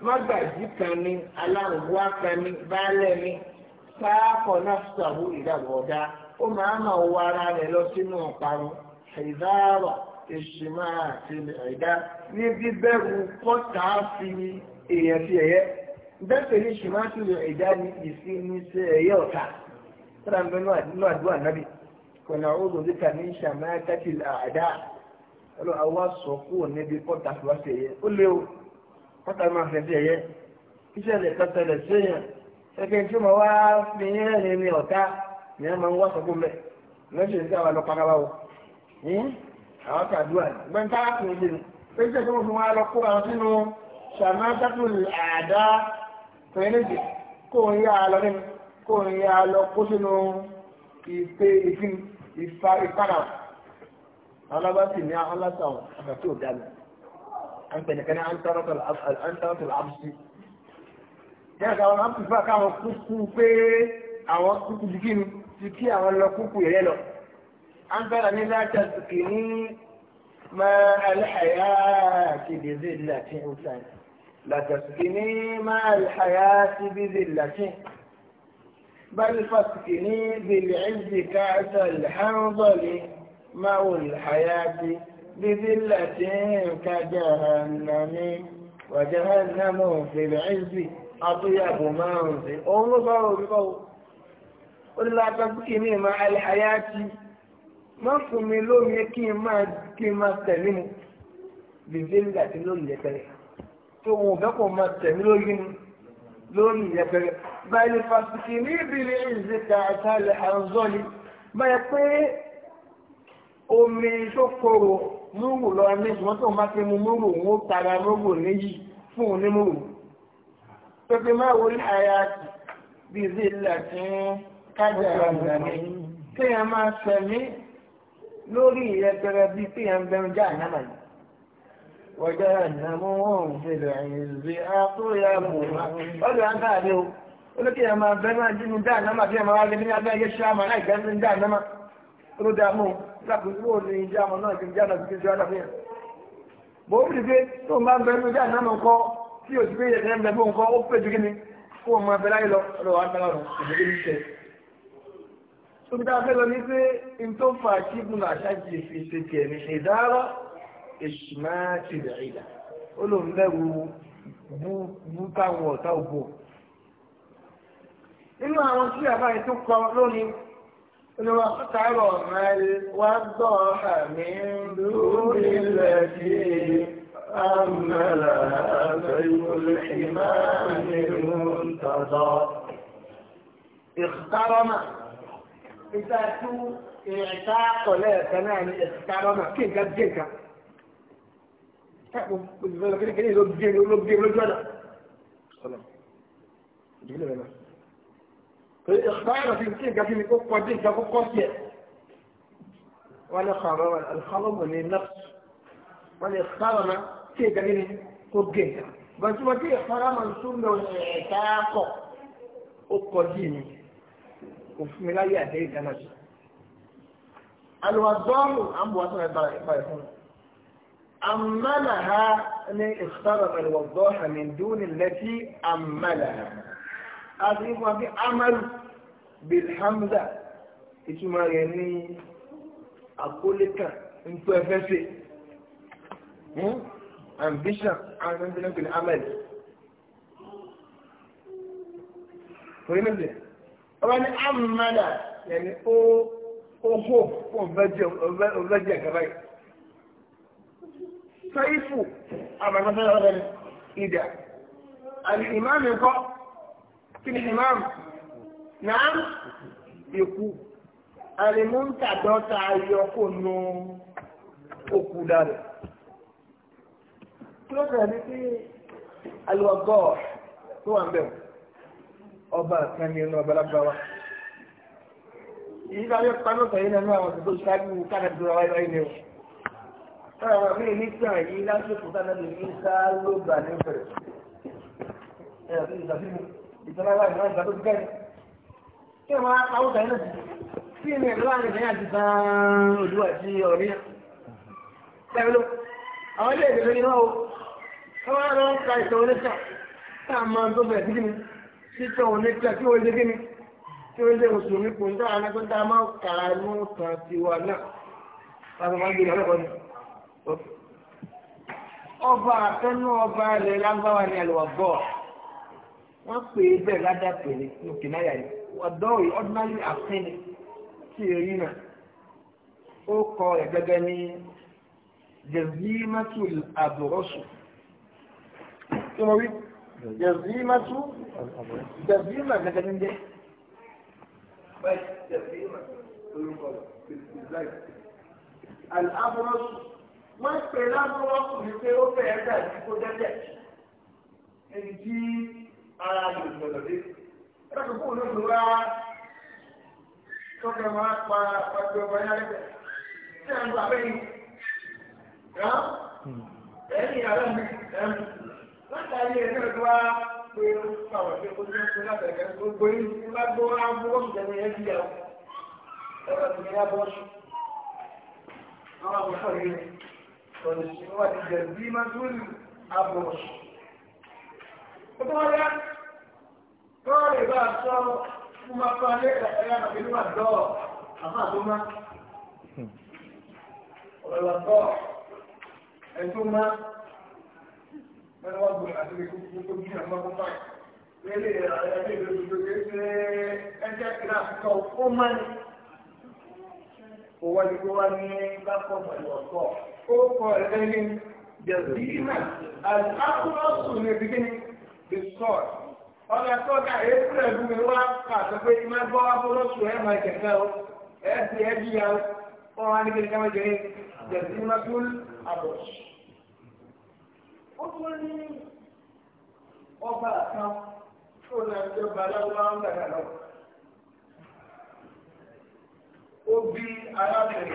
S1: مدى جكني الأرواكني بالني ساق نفسه إلى الرداء وما ما هو راني لو سنو قرن حذارة الشمات العدا ní bíbẹ̀rù kọ́ta fi èèyàn fi ẹ̀yẹ bẹ́ẹ̀ ní ṣùgbọ́n ẹ̀dá ní ìsí ní sí ẹ̀yẹ ọ̀tá tọ́lá ń bẹ nínú àdúrà nábì kọ̀nà ọ̀dọ̀ díkà ní ṣàmì àtàkì àdá ọlọ́ àwa sọ kúrò níbi kọ́ta fi wá sí ẹ̀yẹ ó lé o kọ́ta máa fẹ́ sí ẹ̀yẹ iṣẹ́ lè tọ́tẹ̀lẹ̀ séèyàn ẹgbẹ́ tí mo wá fi ẹ̀rìn ní ọ̀tá ni wọ́n máa ń wá sọ́kún mẹ́ lọ́sẹ̀ ní pẹ́sẹ̀ tó fún wa lọ kó àwọn sínú ṣàmátàtù àdá pẹ̀lẹ́dì kó ń yá lọ nínú kó ń yá lọ kó sínú ìpè ìfin ìfa ìpadà alábàtì ní alátàwọn àgbàtì òdàlù àgbẹ̀nìkaní àǹtàrọ̀tò àbùsí. yẹ́n ká wọn àbùsí fún àkàwọn kúkú pé àwọn kúkú dìkínú ti kí àwọn lọ kúkú yẹn lọ. àǹtàrọ̀ ní láti àtùkì ní ماء الحياة بذلة أسان لا تسكني ماء الحياة بذلة بل فاسكني بالعز كأس الحنظل ماء الحياة بذلة كجهنم وجهنم في العز أطيب منزل أولو صاروا بقول قل لا تسكني ماء الحياة má fún mi lómi kí n máa kí n máa tẹ̀lé mu bèbè nígbà tí lórí yẹpẹrẹ tó wọn ò bẹ́ kó máa tẹ̀lé lórí mu lórí yẹpẹrẹ báyìí ní fásitì ní ìbílẹ̀ ìzẹ̀kà àtàlẹ̀ àǹzọ́lì báyìí pé omi tó korò múrù lọ ní ṣùgbọ́n tó ń fi mu múrù òun tara múrù léyìí fún un ní múrù pépé máa wọlé àyà bíi zéèlà kájà àgbà ní kéèyàn máa sẹ̀mí. lórí ihe bíi tí ẹ̀ ń bẹ̀rù já àyàmà yìí. Wọ́jà ìnáwó òun ṣe lè àtúnyà mò wá. Ọ̀dọ̀ à o. Olókè ẹ̀ máa bẹ́ẹ̀ máa dínú dá ànámà bí ẹ̀ máa wá lé ní abẹ́ ayé ṣáàmà láì gbẹ́ ní dá ànámà. Ó dáa mú lákòókò ní ìjà àmọ́ náà ti ń jáde ìjọba pé tó ní dá tí ń tóbi tá a fẹ́ lọ ní pé n tó fa kíkùn àṣájì fi ṣe tiẹ̀ ní ìdárọ̀ èṣù máa ti rẹ̀ ìdá ó lòun bẹ̀rù bú káwọn ọ̀tá òbò nínú àwọn tí àbá yìí tó kọ lónìí olùwà kọ́tàrọ̀ máa wá gbọ́ àmì lórí ilẹ̀ sí àmàlà àgbẹ̀wò ìmáàmì mú tọ̀dọ̀ ìkárọ́mà. ìta tú ìta kọ̀lẹ́ ẹ̀kan náà ní ẹ̀ka lọ́nà kí nǹkan gé nǹkan. Táàpù olùfẹ́ lọ kékeré ló gé ló gé lójú ọ̀nà. Sọlọ̀ ìdílé rẹ̀ náà. Ìgbàlódé fi kí nǹkan kí ni kó kọ́ dé nǹkan kó kọ́ sí ẹ̀. Wọ́n lè xọ̀rọ̀ alùpàlọ́mù ní nọ́ọ̀sì. Wọ́n lè xọ̀rọ̀ náà kí nǹkan kí ni kó gé nǹkan. Bàtúmọ̀ kí ìfọ̀rọ̀ mọ̀ kò fún mi láyé àtẹ́rí kanáà sí. alùwàdọ́ọ̀mù à ń bọ̀ wáṣọ ẹ̀bà ẹ̀fọ́ ẹ̀fọ́ àmàlàhà ní ìsọ̀rọ̀ alùwàdọ́ọ̀hà ní dúnì lẹ́tí àmàlàhà a ti fún wa bí amalu bilhamza ìtumọ̀ rẹ̀ ní àkólé kan ń tó hmm? ambition àwọn ẹgbẹ́ náà pẹ̀lú amẹ́lì. Torí méjì, ọba ní amúnádà yẹni ó ó hó fún ọ̀vẹ́jẹ̀ kaba yìí sọ́yìfù àbàkàtà ọ̀bẹ ni ìdá àti ìmáàmù kọ́ kí ni ìmáàmù náà ikú àlìmúntàdọ́ta ayọ́kò nù òkú dára kí ló sọ̀rọ̀ ní sí alùpàgọ́ tó wà ń bẹ̀rù ọba kan ní ẹnu ọba lágbára ìyí náà yóò pa lóta yìí nínú àwọn tó ṣáájú kánàdù ọwọ́ ẹ̀rọ ilé o táwọn àwọn míì nígbà yìí lásìkò kánàdù yìí sá ló gbà ní bẹ̀rẹ̀ ẹ̀rọ tó ìṣàfihàn ìtọ́lá wà ìmọ̀ ìgbà tó ti bẹ̀rẹ̀ kí wọ́n á pawó tàyẹ̀ náà sí ní ẹ̀rọ láàrin ìfẹ́ àti ọ̀rí ni títọ́ oníkẹ́ tí wọ́n lé kíni tí wọ́n lé mùsùlùmí kò ń tọ́ àwọn ẹgbẹ́ tá a máa kà á mú kan tiwa náà láti máa gbé ìyàwó ẹ̀kọ́ ọba àtẹnú ọba ilẹ̀ lágbára ni àlùwà bọ̀ wọ́n pè é bẹ́ẹ̀ ládàá pèlè ní kìnnáyà yìí ọ̀dọ́ yìí ordinary àfẹ́ni tí èyí náà ó kọ ẹ̀ gẹ́gẹ́ ní jẹ̀zí mẹ́tù àbúrọ̀sù tí wọ́n wí. جزيمة جزيمة لكن دي بس جزيمة الأبرص wọ́n pè lábúrò ọkùnrin pé ó fẹ́ ẹ̀dá ìdíkó dẹ́dẹ̀ ẹni tí ara lè gbọ̀dọ̀ dé. ẹ̀rọ kò ló lò wá tọ́kẹ́ máa pa pàtó ọba yára ẹ̀dẹ̀ ṣé ẹ̀ ń gbà bẹ́yìn. ẹ̀yìn ara mi ẹ̀ ń. látàrí ẹgbẹ́ ọdún wa pé ó pàwọ̀ pé ó jẹ́ pé gbogbo yìí ti bá gbọ́ agbó ìjẹun yẹn bí yàwó ẹ̀rọ ìgbẹ́ yà bọ́ ṣù. àwọn àbúkọ̀ yìí ọ̀nà ìṣẹ́ wà ti jẹ̀ bí máa tó lù abọ̀ ṣù. ó tọ́ ya kọ́ lè bá a sọ fún máa ọ̀rọ̀ mẹ́rin wá gbọ́dọ̀ àti kókó bí àwọn ọmọ báyìí lélẹ̀ ẹgbẹ́ ìlú ìlú ṣe ẹjẹ́ kìlá àfikọ́ ó máa ní kó wá ní kó wá ní bákọ̀ pẹ̀lú ọ̀kọ́ ó kọ ẹ̀rẹ́ ní jẹ̀síìmà àti akúrọ́sù ní ibi kíni the sword ọ̀nà tó ga èéfù ẹ̀dùn mi wá pàṣẹ pé má gbọ́ akúrọ́sù ẹ̀ máa jẹ̀ fẹ́ o ẹ̀ ti ẹ̀ bí ya ó wá ní kíni ká máa jẹ̀ ní jẹ̀síìmà tó àbọ̀ṣù ó tún ní ọba kan tó lè jọba lọ́wọ́ ń gbàgbà lọ. ó bí arábìnrin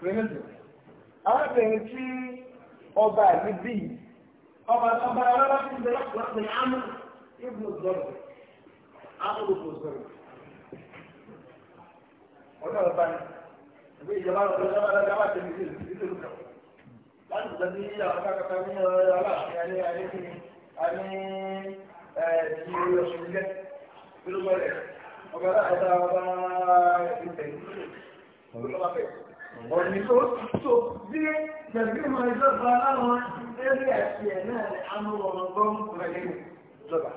S1: pẹ̀lú arábìnrin tí ọba àti bíi ọba tó bá arábà tó ń bẹ lọ́pọ̀lọpọ̀ ní amú ibùdó zọrọ amú ibùdó zọrọ ọjọ́ ọba ìjọba ọ̀dọ́ ìjọba ọ̀dọ́ ìjọba tẹ̀lé ìlú ìlú kan. láti jẹ́ sí àwọn akẹ́kọ̀ọ́ ní aláàfin alẹ́ alẹ́ kí ni a ní ìlú ọ̀ṣun jẹ́ gbólógbó rẹ̀ ọba ọba ọba ìtẹ̀ ọba fẹ̀. ọ̀nì tó tó bí tẹ̀sí mọ ìjọba láwọn eré ẹ̀sìn ẹ̀ náà ni amúhọ̀mọ̀gbọ́n rẹ̀ jọba.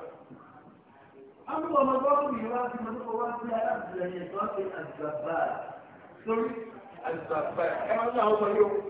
S1: amúhọ̀mọ̀gbọ́n yìí wá sí mọ́tò wá sí aláàbìlẹ̀ yẹn tó ń ṣe àgbàbà sórí àgbàbà ẹ̀ máa ń sọ àwọn ọmọ yòó.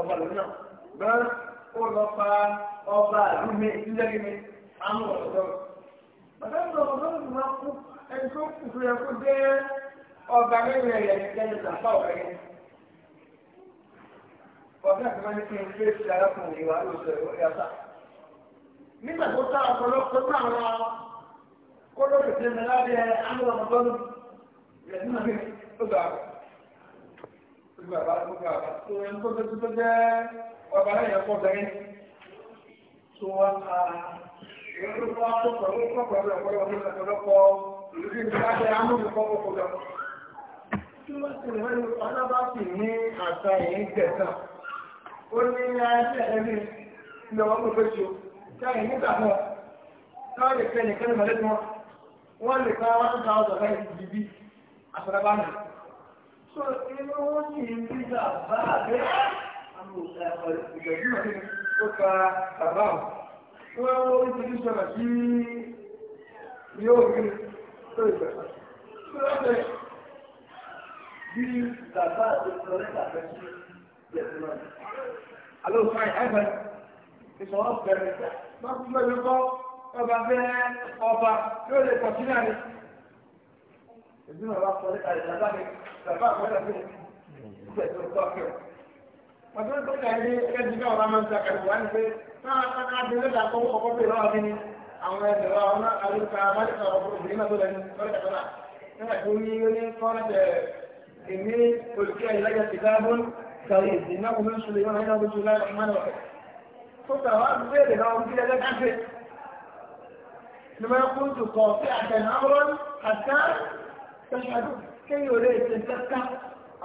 S1: ọba lòun náà bẹ́ẹ̀ ó lọ pa ọba àlú mi ìdílé ọ̀dọ́. bàtà ń lọ ọ̀dọ́ mi máa kú ẹni tó kù tó yẹ dé ọba mẹ́rin ẹ̀yẹ ìjẹni làpá ọ̀rẹ́ yẹn. ọ̀dọ́ àti máa ní kí n gbé sí arákùnrin ìwà lóṣù ẹ̀rọ nígbà tó tá ọ̀pọ̀lọpọ̀ náà wọn kó lóṣù tí mi lábẹ́ ọ̀dọ́ bàbá tó bàbá tó ẹni tó tẹ́tí tó jẹ́ bàbá náà yẹn pọ̀ bẹ́ẹ̀ tó wá ká ìlú tó wá tó pẹ̀lú tó pẹ̀lú ọ̀pọ̀lọpọ̀ tó tẹ̀lé lọ́pọ̀ ìlú tí ìgbà tẹ amúnukọ́ kókó lọ. tí wọ́n ti rẹ̀ ní alábàáfì ní àṣà yìí gẹ̀ẹ́sà ó ní ẹgbẹ́ ẹni ní ọwọ́ tó fẹ́ ṣe káyìn nígbà náà káwọn lè fẹ́ nìkan ní mọ̀lẹ́tì wọn wọ́n lè ká one thousand láì So inú ó sì ń bí bàbá àbẹ́ ìgbẹ̀jú náà ó ka bàbá ọ̀. Wọ́n wọ́n ó ti ní sọ̀rọ̀ sí yóò rí tó ìgbẹ̀. Tó lọ́sẹ̀ bí bàbá àti ìfọ̀rẹ́ta fẹ́ sí ìgbẹ̀jú náà. Àlọ́ fáìn ẹ̀fẹ̀ ìṣọ̀rọ̀ bẹ̀rẹ̀ máa fún bẹ́ẹ̀ kọ́ ọba bẹ́ẹ̀ ọba yóò lè kọ̀ sí náà ni. Ìdúnà wa sọ̀rọ̀ sàmáà wọ́n lọ́dún ìgbẹ́jọ́ tọ́kì rẹ̀. ọdún tó kà ní ẹgbẹ́ ìgbà ọ̀rọ̀ máa ń sàkàrẹ̀ wá ní pé náà adìrẹ́ dà kọ́ ọkọ̀ bèèrè wá bí ní àwọn ẹgbẹ́ wa ọ̀nà àlùkà amálìkà ọ̀pọ̀ obìnrin náà tó lẹ́nu lọ́dẹ̀ kan náà. nígbà tó ní ó ní kọ́ńtẹ̀ èmi olùkẹ́ ìlàjà kìtàbùn kàrí ìdìnnà kò lóṣù lè wọ́n náà lóṣù láì ọ̀mánà ọ̀fẹ́. tó kà wá bèèrè lọ́wọ́ bí ẹgbẹ́ káfíń. لما كنت قاطعة أمرا حتى تشهدون kéyìn ò lè ṣe kẹ́kẹ́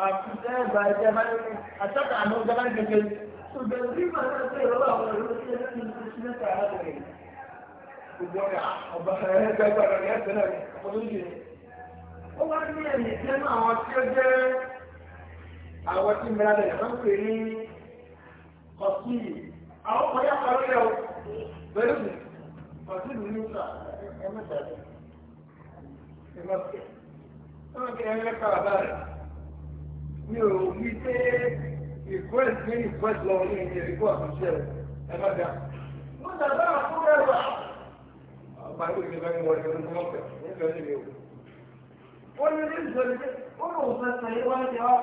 S1: àti ẹ̀bà ìjẹmánì àtàkà àmọ́ ìjẹmánì kẹ̀kẹ́. ṣùgbọ́n bí màá náà ṣe ìrọ́lá àwọn ìlú ṣe ní ìṣẹ́ mẹ́ta arábìnrin. gbogbo ọba ẹgbẹgbẹ rẹ ẹsẹ̀ náà olóyè. ó wá ní ẹ̀yìn nínú àwọn tí ó jẹ́ àwọn tí mìíràn rẹ̀ ló ń pè ní kọ̀sí. àwọn kan yà parí rẹ̀ o pẹ̀lú kọ̀sí ìlú wọ́n kí ẹ̀rẹ́ lẹ́kọ̀ọ́ bàbá rẹ̀ mi ò wí pé request mi request lọ ní ẹ̀yẹ ìgbó àtúnṣe ẹ̀ má dá. mo dàgbà fún ẹwà. ọba yóò ṣe bẹ́ẹ̀ wọlé ọdún mọ́fẹ́ nígbà tí mi ò. ó ní ní ìṣòro pé ó lóun fẹ́ sọ yìí wá ní ẹwà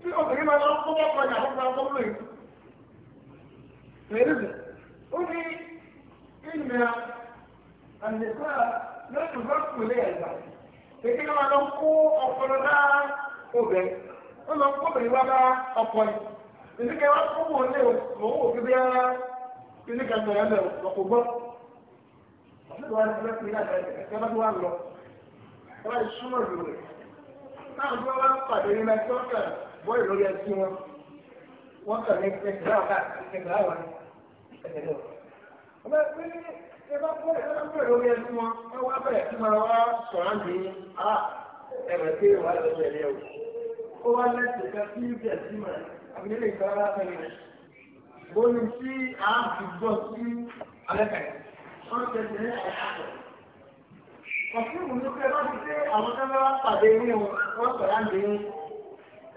S1: tí obìnrin máa ń kọ́kọ́ padà ó máa kọ́ lóyún. pẹ̀lú ó ní ìmìíràn àlùfáà lọ́sùn bá kù lé Èyí ló máa lọ kó ọpọlọ náà obìnrin. Ó lọ kó obìnrin wá bá ọkọ yìí. Èyí kẹ́ wá kó wò lé o, mò ń wò kí bí ara ilé kan tẹ̀lé lẹ̀ ọ̀pọ̀ gbọ́. Ọ̀pọ̀lọpọ̀ wa ni ọ̀pọ̀lọpọ̀ ìlú àgbẹ̀ ẹ̀ka bá ti wá lọ. Ẹ bá ti súnmọ́ ìlú rẹ̀. Táwọn tí wọ́n bá ń pàdé ní Nàìjíríà bọ́ ìlú rẹ̀ sí wọn. Wọ́n kàn ní ẹgbẹ̀rún ẹ bá kọ́ ẹ bá bẹ̀rẹ̀ lórí ẹnu wọn ẹ wá bẹ̀rẹ̀ sí máa wá sọ̀rọ̀ ní à ẹ̀rẹ̀ pé wà lọ bẹ̀rẹ̀ o ó wá lẹ́sẹ̀ ká sí ibi ẹ̀sìn mọ̀ àbílẹ̀ ìgbàlá fẹ́rẹ̀ bóni tí a fi gbọ́ sí alẹ́kẹ̀ wọ́n tẹ̀sí ní àyàkọ̀ ọ̀sùn ìmúlùkẹ́ bá ti dé àwọn tẹ́lẹ̀ wá pàdé ní wọn sọ̀rọ̀ ní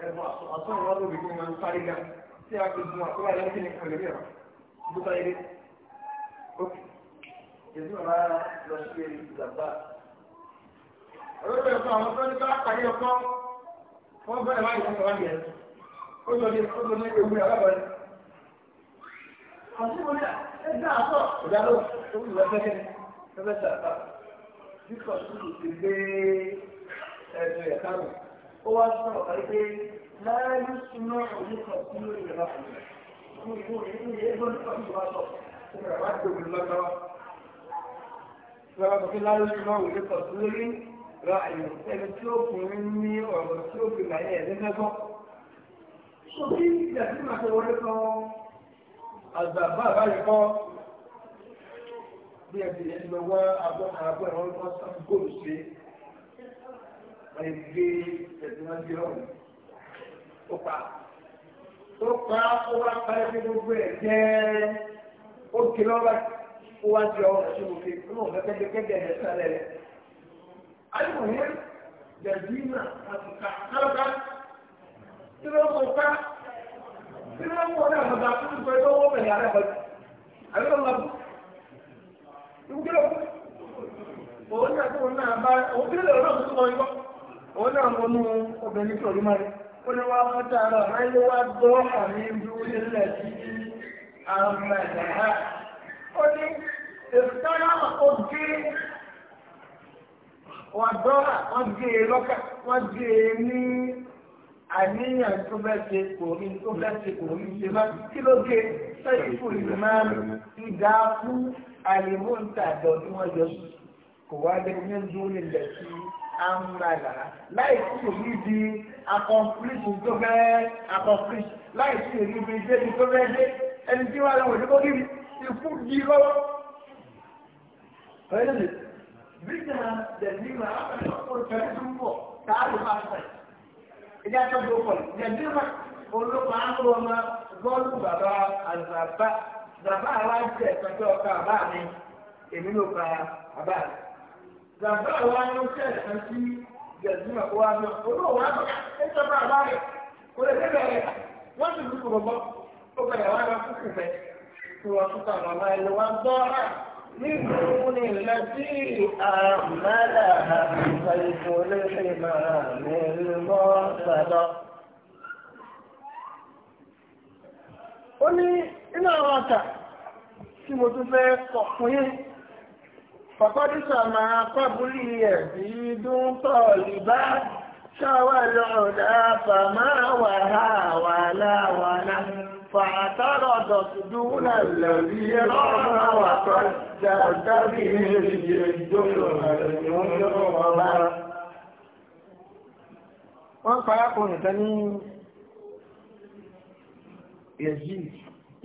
S1: ẹ̀bùn àtọ̀ wọn lórí ní wọn sáré gan tí a fi gun àtúwà lẹ́sìn ní kọlẹ́bí ọ̀ gbọ́dọ̀ ilé èmi ò máa lọ sí eré ìgbàgbà. olóògbé fún àwọn tó ní bá parí ọkọ wọn bẹ̀rẹ̀ wá ìwé ìwà yẹn ó lọ ní ó lọ ní ewu yàrá bẹ̀rẹ̀. àti mo ní ẹgbẹ́ àtọ̀ ìdáló owó ìwé fẹ́kẹ́ ni ẹgbẹ́ sàrà bíkọ̀ sùkùn ti gbé ẹ̀sùn ẹ̀ kárò ó wá sọ̀rọ̀ kárí pé láàárín súná òní kan sí lórí ìrọ̀lá fún mi. mo ní ìwé ìwé ìwé ìwé ìwé lọ́wọ́ tó fi lálórí náà wòlé pọ̀ sí lórí rọ àyè tí ó kùn ní ọ̀rọ̀ tí ó fi láyé ẹ̀ lẹ́gbẹ́gbọ́. sọ kí ìjà tí ṣe wọlé kan àgbà àbáyé kọ́ bí ẹbí ẹni lọ wá agbọ́n agbọ́n ẹ̀rọ wọn sá góòlù sí ẹgbẹ́ ẹ̀dínwájú ọ̀hún ó pa ó pa ó wá pa ẹgbẹ́ gbogbo ẹ̀ jẹ́ ó kí lọ́wọ́ ó wá di ọwọ́ tí mo fi fún òun kẹ́kẹ́kẹ́kẹ́ ẹ̀dẹ̀ sálẹ̀ rẹ̀. Àyùmọ̀ yẹn dẹ̀bí náà àti ká kálọ́ká tí wọ́n mọ̀ ká tí wọ́n mọ̀ náà lọ́ba tó ti sọ ẹgbẹ́ owó mẹ́rin àrẹ bọ̀ àbí wọ́n máa bú. Ìwúkẹ́ Òun náà tó náà bá òun kí lọ́dọ̀ tó sọ ẹgbọ́. Òun náà mọ̀ nú obìnrin tó rí máa Ó ní láyé gbọ́ àmì ìdúró nílẹ̀ sí ó ní ìfúnná ó gé wọn dọ́là wọ́n gé e lọ́kà wọ́n gé e ní àníyàn tó bẹ́ẹ̀ ṣe kò ní tó bẹ́ẹ̀ ṣe kò ní ṣe máa kí ló gé sẹ́yìn fún ìmáàmù ìdá fún àlèmóǹtàdọ̀ tí wọ́n yọ sí kò wá lé ní dúró lẹ̀ sí amúnalà láì sí èyí di akọ̀ǹpìlìṣì tó fẹ́ akọ̀ǹpìlìṣì láì sí èyí di débi tó fẹ́ dé ẹni tí wọ́n lọ wọ̀ ní kó ikú di lọ́wọ́. Ọ̀rẹ́ mi, bíjà dẹ̀bíra olùkọ́ni tó ń bọ̀ káàdì máa fẹ̀. Ìjà tó ń bọ̀ dẹ̀bíra olùkọ́ àwọn ọmọ gọ́ọ̀lù bàbá àzàbá. Bàbá wa jẹ́ ìpẹ́jọ́ ọ̀ka àbá mi, èmi ló ka àbá mi. Bàbá wa ló jẹ́ ìpẹ́jọ́ sí dẹ̀bíra kó wa náà. Olúwa wa bọ̀ ẹ̀jọ̀ bá àbá rẹ̀ kó lè débẹ̀rẹ̀. Wọ́n ti dùkú bọ̀bọ̀ ó gbẹ̀dẹ̀ wá lọ kúkú bẹ́ẹ̀. وسطر ما الوضع للكون التي أعملها سيف الحمام المعتدى ó ní inú àwọn àtà tí mo tún fẹ́ kọ̀ fún yín fàkọ́dísà máa pàbúlì ẹ̀ bí dún tọ̀lì bá ṣáwà lọ́ọ̀dá fàmáwà wà láwà فاعترضت دون الذي رحم وصدت به الجلد wọ́n parákùnrin kan ní yazid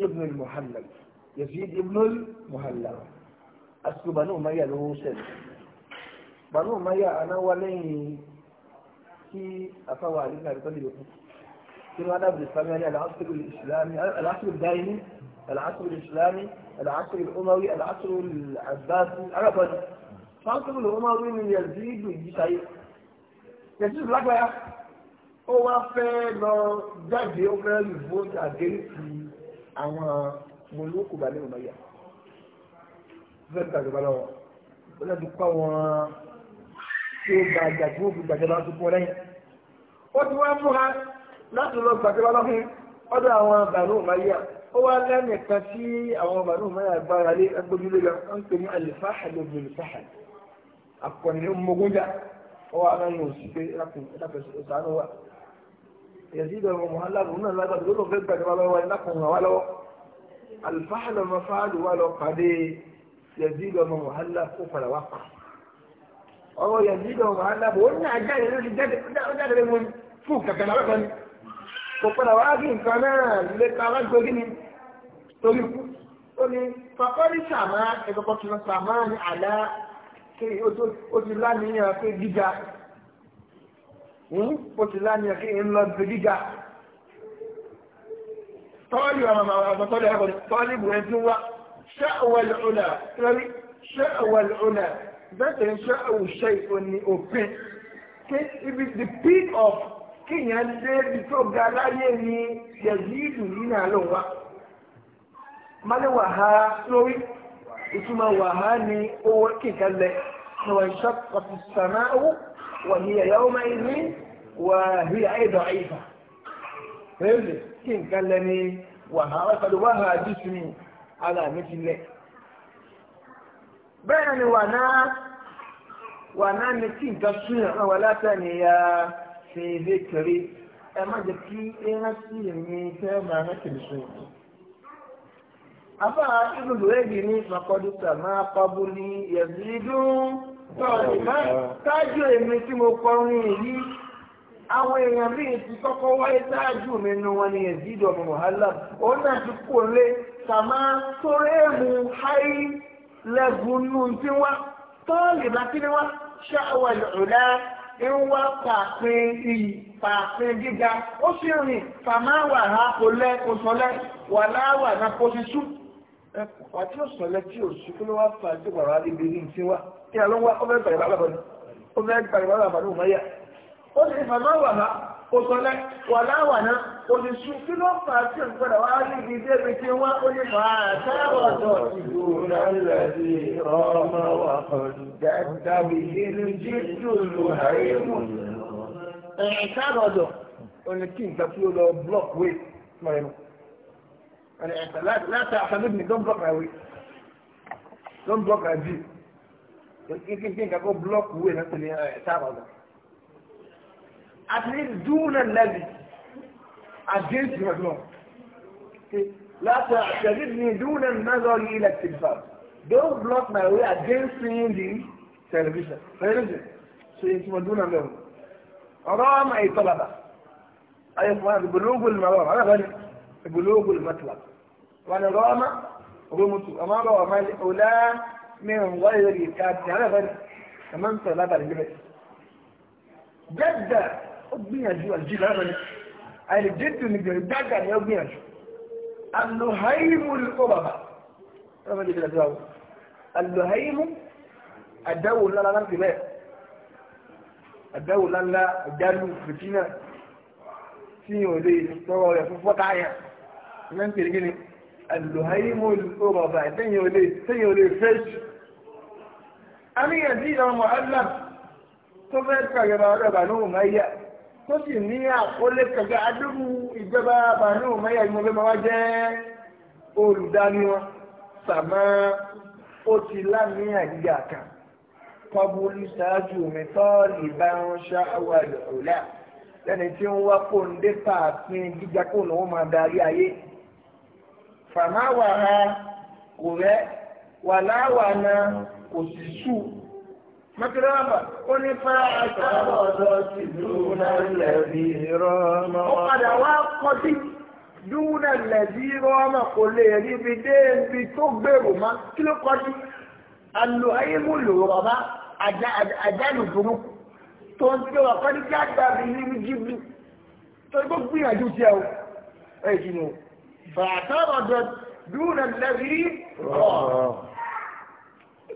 S1: ibn al-muhallab yazid ibn al-muhallab àsìkò banu maya ló ṣẹlẹ̀ banu maya anáwá lẹ́yìn tí afáwà àdínlá àdínlá lè kú شنو هذا بالإسلام يعني العصر الإسلامي العصر الدائمي العصر الإسلامي العصر الأموي العصر العباسي عرفا العصر الأموي من يزيد ويجي يزيد lágbára ó wá fẹ́ lọ jáde ó fẹ́ lè vote against àwọn mọ̀lúkù balẹ̀ òmọ̀yà fẹ́ gbàgbà lọ́wọ́ ó lọ́dún kọ́ wọn tí ó gbàgbà tí ó fi gbàgbà lọ́wọ́ tó kọ́ lẹ́yìn ó ti wá múra láti lọ gbàgbé lọ́hún ọ̀dọ̀ àwọn bàánù máyà ó wá lẹ́nu kan tí àwọn bàánù máyà gbára lé agbójúlé lọ ń pè ní alifahad olùfahad akọni mmogunja ó wá lẹ́nu òsì pé ìlàkùnsánú wa yẹtí ìdọ̀rọ̀ mọ̀hálàbù náà lágbàdo ló lọ fẹ́ gbàgbé lọ́wọ́ ìlàkùnrin wa lọ́wọ́ alifahad ọmọ fáàlù wa lọ pàdé yẹtí ìdọ̀rọ̀ mọ̀hálàbù ó padà wá pa ọwọ́ yẹtí ìdọ̀rọ̀ mọ̀hálàbù kò padà wá bí nǹkan náà lè ta alágbèrí ni torí kú ó ní fakọ́lì sàmá ẹ̀kọ́kọ́ tuntun sàmá ní àlá kí ó ti láníyàn pé gíga hmm? ó ti láníyàn pé ń lọ bí gíga tọ́lì ọmọ àwọn tọ́lì ẹ̀kọ́ tọ́lì bù ẹni tí wá ṣẹ́wọ̀lì ọ̀nà lórí ṣẹ́wọ̀lì ọ̀nà bẹ́ẹ̀ ṣẹ́wọ̀ ṣẹ́ ìfọ̀ ni òpin ibi the peak of kíyàn dé ibi tó ga láyé ni yẹ̀dìdù yìí náà ló wá málẹ́wà ha lórí ìtumọ̀ wà ha ni owó kíkà lẹ wà ń ṣàkóso sàmáwó wà ní ẹ̀yàwó máa ń ní wà rí àìdọ̀ àìfà rẹ́ẹ̀lẹ̀ kí nǹkan ni wà ha wà pẹ̀lú wà ha àdìsí mi ara ti lẹ bẹ́ẹ̀ ni wà náà wà náà ni kí nǹkan súnyàn wà látàníyà. fi zikiri ẹ má jẹ́ kí ìrántí mi fẹ́ máa rántí nìṣó. Afa ibùdó a ní Makọ́dúsà máa pabú ní Yẹ̀zídún sọ̀rọ̀ ìmá ṣáájú èmi tí mo kọrin èyí. Àwọn èèyàn bíi ti kọ́kọ́ wáyé ṣáájú mi nu wọn ni Yẹ̀zídún ọmọ wàhálà. Òun náà ti kú lé sàmá sórí èmu háì ń wá pàpín iyì pàpín gíga ó sì rìn fàmáwà ha kò lẹ́ wà láwà náà kò sì sùn ẹ̀kọ́ tí ó tí ó sùn kí ló wá fà wàrà ibi ní wa kí ló ń wá ó fẹ́ bàbá ni ó fẹ́ bàbá ni ha wà olùsùn kí ló fà á tí ò ń padà wá rí ibi débi tí wọ́n ó ní fà á sábà tó ìlú rẹ̀ sí ọmọ wa dàbí ìlú jésù lù àìmù. ẹ̀yìn sábà ọ̀dọ̀ ọ̀nà kí n gbàgbé lọ block way mọ̀ ẹ̀mọ́ láti àfẹ́lẹ́ mi don block my way don block my view kí n kí n gbàgbé block way náà ti ní sábà ọ̀dọ̀ at least dúró náà lẹ́bi. against her لا تعتبرني دون النظر إلى التلفاز. Don't block my way against seeing the television. Where is it? So أنتم دون النظر. أرام أي طلبة. أي إخوان بلوغ المرام. أنا غني بلوغ المطلب. وأنا رام رمت أما رام الأولى من غير كاتب. أنا غني. كمان طلبة الجبل. جدا. أبني الجيل هذا àìlèjìdù ní gbèrè dága ní ọgbìyànjú alùháìmù lùkọ́ bàbá ọmọ ìjọba ìjọba wọn alùháìmù àdáwò ńlá láti bẹ́ẹ̀ àdáwò ńlá àjálù fìtínà tí yóò lè sọ̀rọ̀ rẹ̀ fún fọ́táyà ní ń pèrè gíní alùháìmù lùkọ́ bàbá tẹ́yìn ò lè fẹ́ẹ̀sì àníyàn tí ìlànà mọ̀ tó sì ní àkọlé kẹ̀kẹ́ adúrú ìjọba bàánú mẹ́yà ìmọ̀ bẹ́ẹ̀ máa jẹ́ olùdarí wọn sàmọ́ ó ti lámì àyíká kan kọ́bùlù ṣáájú mi tọ́ọ̀lì bá ń ṣáwà lọ́la lẹ́ni tí ń wá kó ń dé pààpin gíga kó lọ́wọ́ máa darí ayé fàmáwàá kò rẹ́ wàláwàá náà kò sì sùn. Mọ́kírámà ó ní fẹ́ àṣàrọ̀ ọ̀dọ́ ti dúnà lẹ̀bí rọ́mọ́. Ó padà wá kọjú dúnà lẹ̀bí rọ́mọ́ kò lè rí ibi dé ibi tó gbèrò má. Kí ló kọjú? Àlò ayé mú lòrò bàbá àjálù burúkú. Tó ń tí wà kọ́ni kí á gbàgbé níbi jíbi. Tó ń gbìyànjú jẹ́ o. Ẹ jìnnà. Fàtàrọ̀ dúnà lẹ̀bí rọ́mọ́.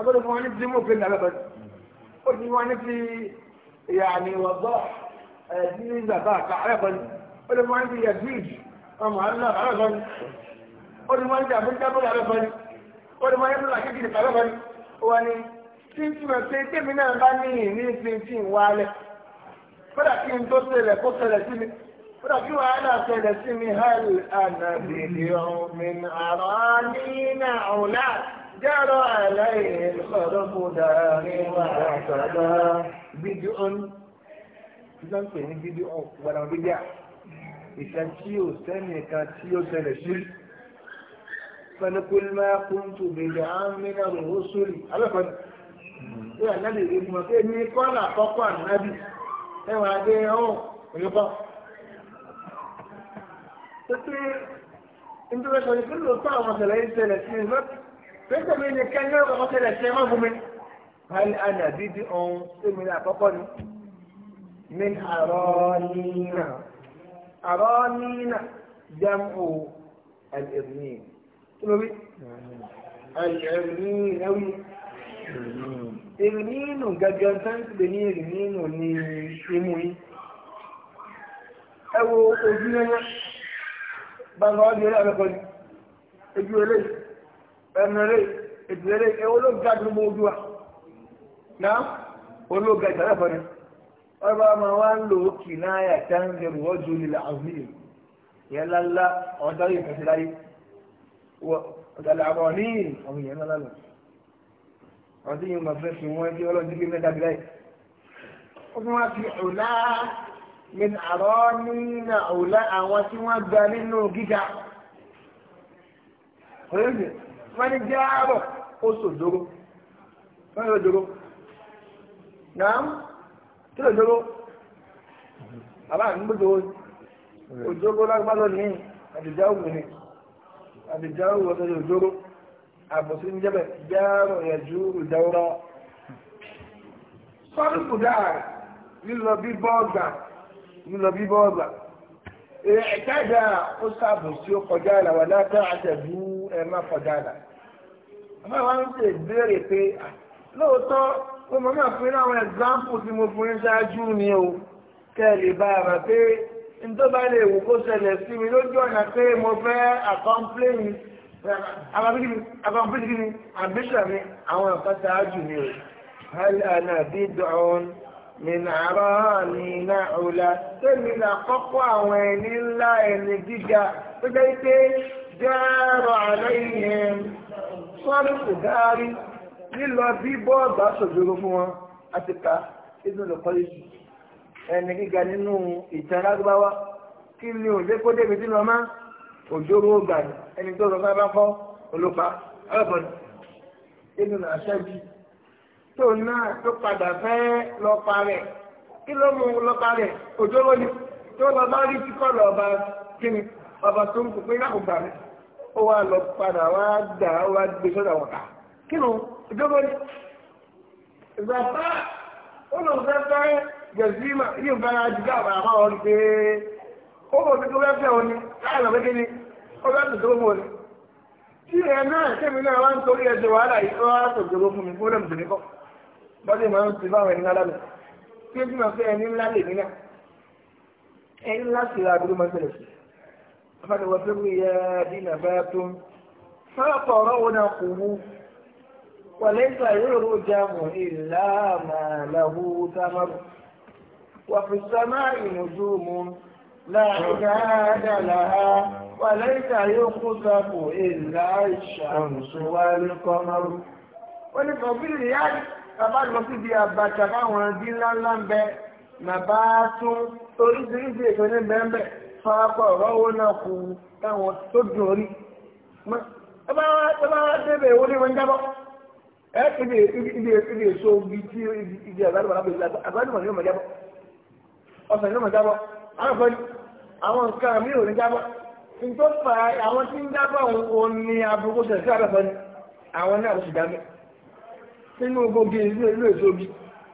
S1: أقول لك وانا في مو كل ابد قلت لك وانا يعني وضح دين آه، زباك عربا قلت لك وانا يزيد يزيج ومعلق عربا قلت لك وانا في أبن دابل عربا قلت لك وانا في الأكيد في عربا وانا تنتي ما سيتي من أغاني من سيتي وعلى فلا كين تصل قصة لسيني رجوا على سلسم هل أنا في من أراني نعلات جرى عليه الخرف دائما حسدا بدء ìjọ ń pè ní bíbí ọ̀pọ̀lọpọ̀ bíbí à ìṣe tí ó sẹ́ni kan tí ó ṣẹlẹ̀ sí fanukul máa kún tó bèèrè àmìnà òwò sórí alẹ́kọ̀ọ́ni ó yà náà lè rí mọ̀ pé ní kọ́nà àkọ́kọ́ ànábì ẹwà adé ọ̀hún òyìnbọ̀ pé pé nítorí ẹ̀ṣọ́ ni kí ló tó àwọn ṣẹlẹ̀ yìí ṣẹlẹ̀ sí ìrọ́pì pẹ̀lú mi kẹ́ ní ọ̀rọ̀ ọ̀sẹ̀lẹ̀ ṣe mọ́ fún mi. hal ana bíbí ọ̀hún èmi ní àkọ́kọ́ ni. min àrọ́ọ̀nìyàn àrọ́ọ̀nìyàn jam'u al-irnin kí ló rí al-irnin ẹ̀wí. ìrìnnínú gàgà sáńtì lè ní ìrìnnínú ní ìmú yìí. ẹ wo ojú yẹn bá ń lọ ọ́ di ẹlẹ́ẹ̀kọ́ ni irinninu ni imu yii e wo oju yen bàbá n lo o di ni oju eleyii ẹnrẹ ìdílé ẹwọ ló ga dùn mọ ojú wa náà wọn ló ga ìtàlẹ́ fún mi wọn bá máa wá ń lò ó kì náà yà tá ń lè wọ́n ju lílà àwọn ìlú yẹn lálá ọ̀dá yìí fẹsẹ̀ láyé wọ ọ̀dàlẹ̀ àwọn fẹ́ fi wọ́n jẹ́ ọlọ́dún kí mẹ́ta bí láyé ó fi wọ́n fi ọ̀la min àrọ́ nínú ọ̀la àwọn tí wọ́n gba nínú gíga. Oyè wọ́n ní jáàrọ̀ ó sòdóró wọ́n ní lójóró náà kí lójóró bàbá mi gbójó òjóró lágbálọ́ ní àdìjá òwò ni àdìjá òwò ọ̀sẹ̀ òjóró àbòsí ń jẹ́bẹ̀ jáàrọ̀ ìyàjú ìdáwọ́rọ́ sọ́dún kùdà lílọ bíbọ́ ọgbà lílọ bíbọ́ ọgbà ẹ̀ẹ́dájà ó sábò sí ó kọjá ìlàwọ̀ látà àtẹ̀dúró ẹ má kọjá àlà àmọ́ ìwà ń ṣe ìbéèrè pé lóòótọ́ ó mọ̀ náà fún àwọn ẹ̀gbáǹpù tí mo fún yín ṣáájú ni o kẹ́ ẹ lè bá a mà pé n tó bá lè wò kó ṣẹlẹ̀ sí mi lójú ọ̀nà pé mo fẹ́ àkọ́ńpléyìn àkọ́ńpléyìn kí mi àwọn nǹkan ṣáájú ni o. هل أنا بدع من عراني نعلة تمنى قطع وين الله إن جدا dáàrọ̀ àlẹ́yìn sọ́rùkù dáàrí lílọ bí bọ́ọ̀bù aṣòjòrò fún wọn àti ká inú lọ́kọ́ yìí ẹni gíga nínú ìtàn lágbáwá kí ni òjé kó débi tí lọ má òjòrò ògbà ẹni tó lọ bá kọ́ olùpa ọ̀pọ̀ inú làṣẹ́jì tó náà tó padà fẹ́ lọ parẹ́ kí ló mú lọ parẹ́ òjòrò ni tó lọ bá rí kíkọ́ lọ bá kíni ọba tó ń kó pé lákòókò rẹ̀ ó wá lọ padà wá gbà á wá gbé sọ́dọ̀ àwọn ọ̀tá kí ló ìjọba ní ìgbàgbá ó lọ fẹ́ fẹ́ gẹ̀ẹ́sìmà yìí ń fara jù dáàbà àmà wọn pé ó bọ̀ sí tó fẹ́ fẹ́ òní láì lọ pé ní ó bá tó tó mọ̀ ní. tí ẹ náà kẹ́mi náà wá ń torí ẹsẹ̀ wàhálà yìí wá tó jòrò fún mi fún lẹ́mùsù ní kọ́ bọ́dé máa ń ti báwọn ẹni ńlá lọ sí ẹni قال وبالرياض نبات فطرون قبوب وليس يرجم إلا ما له ثمر وفي السماء نجوم لا عناد لها وليس يخسف إلا الشمس والقمر ولفضل يعني bàbá lọ síbi àbàtà fáwọn ẹbí ńláńlá ń bẹ nàbàá tún oríṣiríṣi fàákọ̀ rọ́wọ́ náà kú táwọn tó dùn orí mọ́ ẹ bá wá débẹ̀ owó ní wọn jábọ́ ẹ ibi ibi ibi èso ogi tí ibi àgbàdùn àbẹ̀lẹ̀ àgbàdùn ní ọmọ jábọ́ ọ̀sán ní ọmọ jábọ́ àwọn kan àwọn nǹkan mi ò ní jábọ́ nítorí fa àwọn tí ń jábọ́ òun ni aburú ṣẹ̀ sí àbẹ̀fọ́ ni àwọn náà ló sì dámẹ́ nínú gbogbo ìlú èso ogi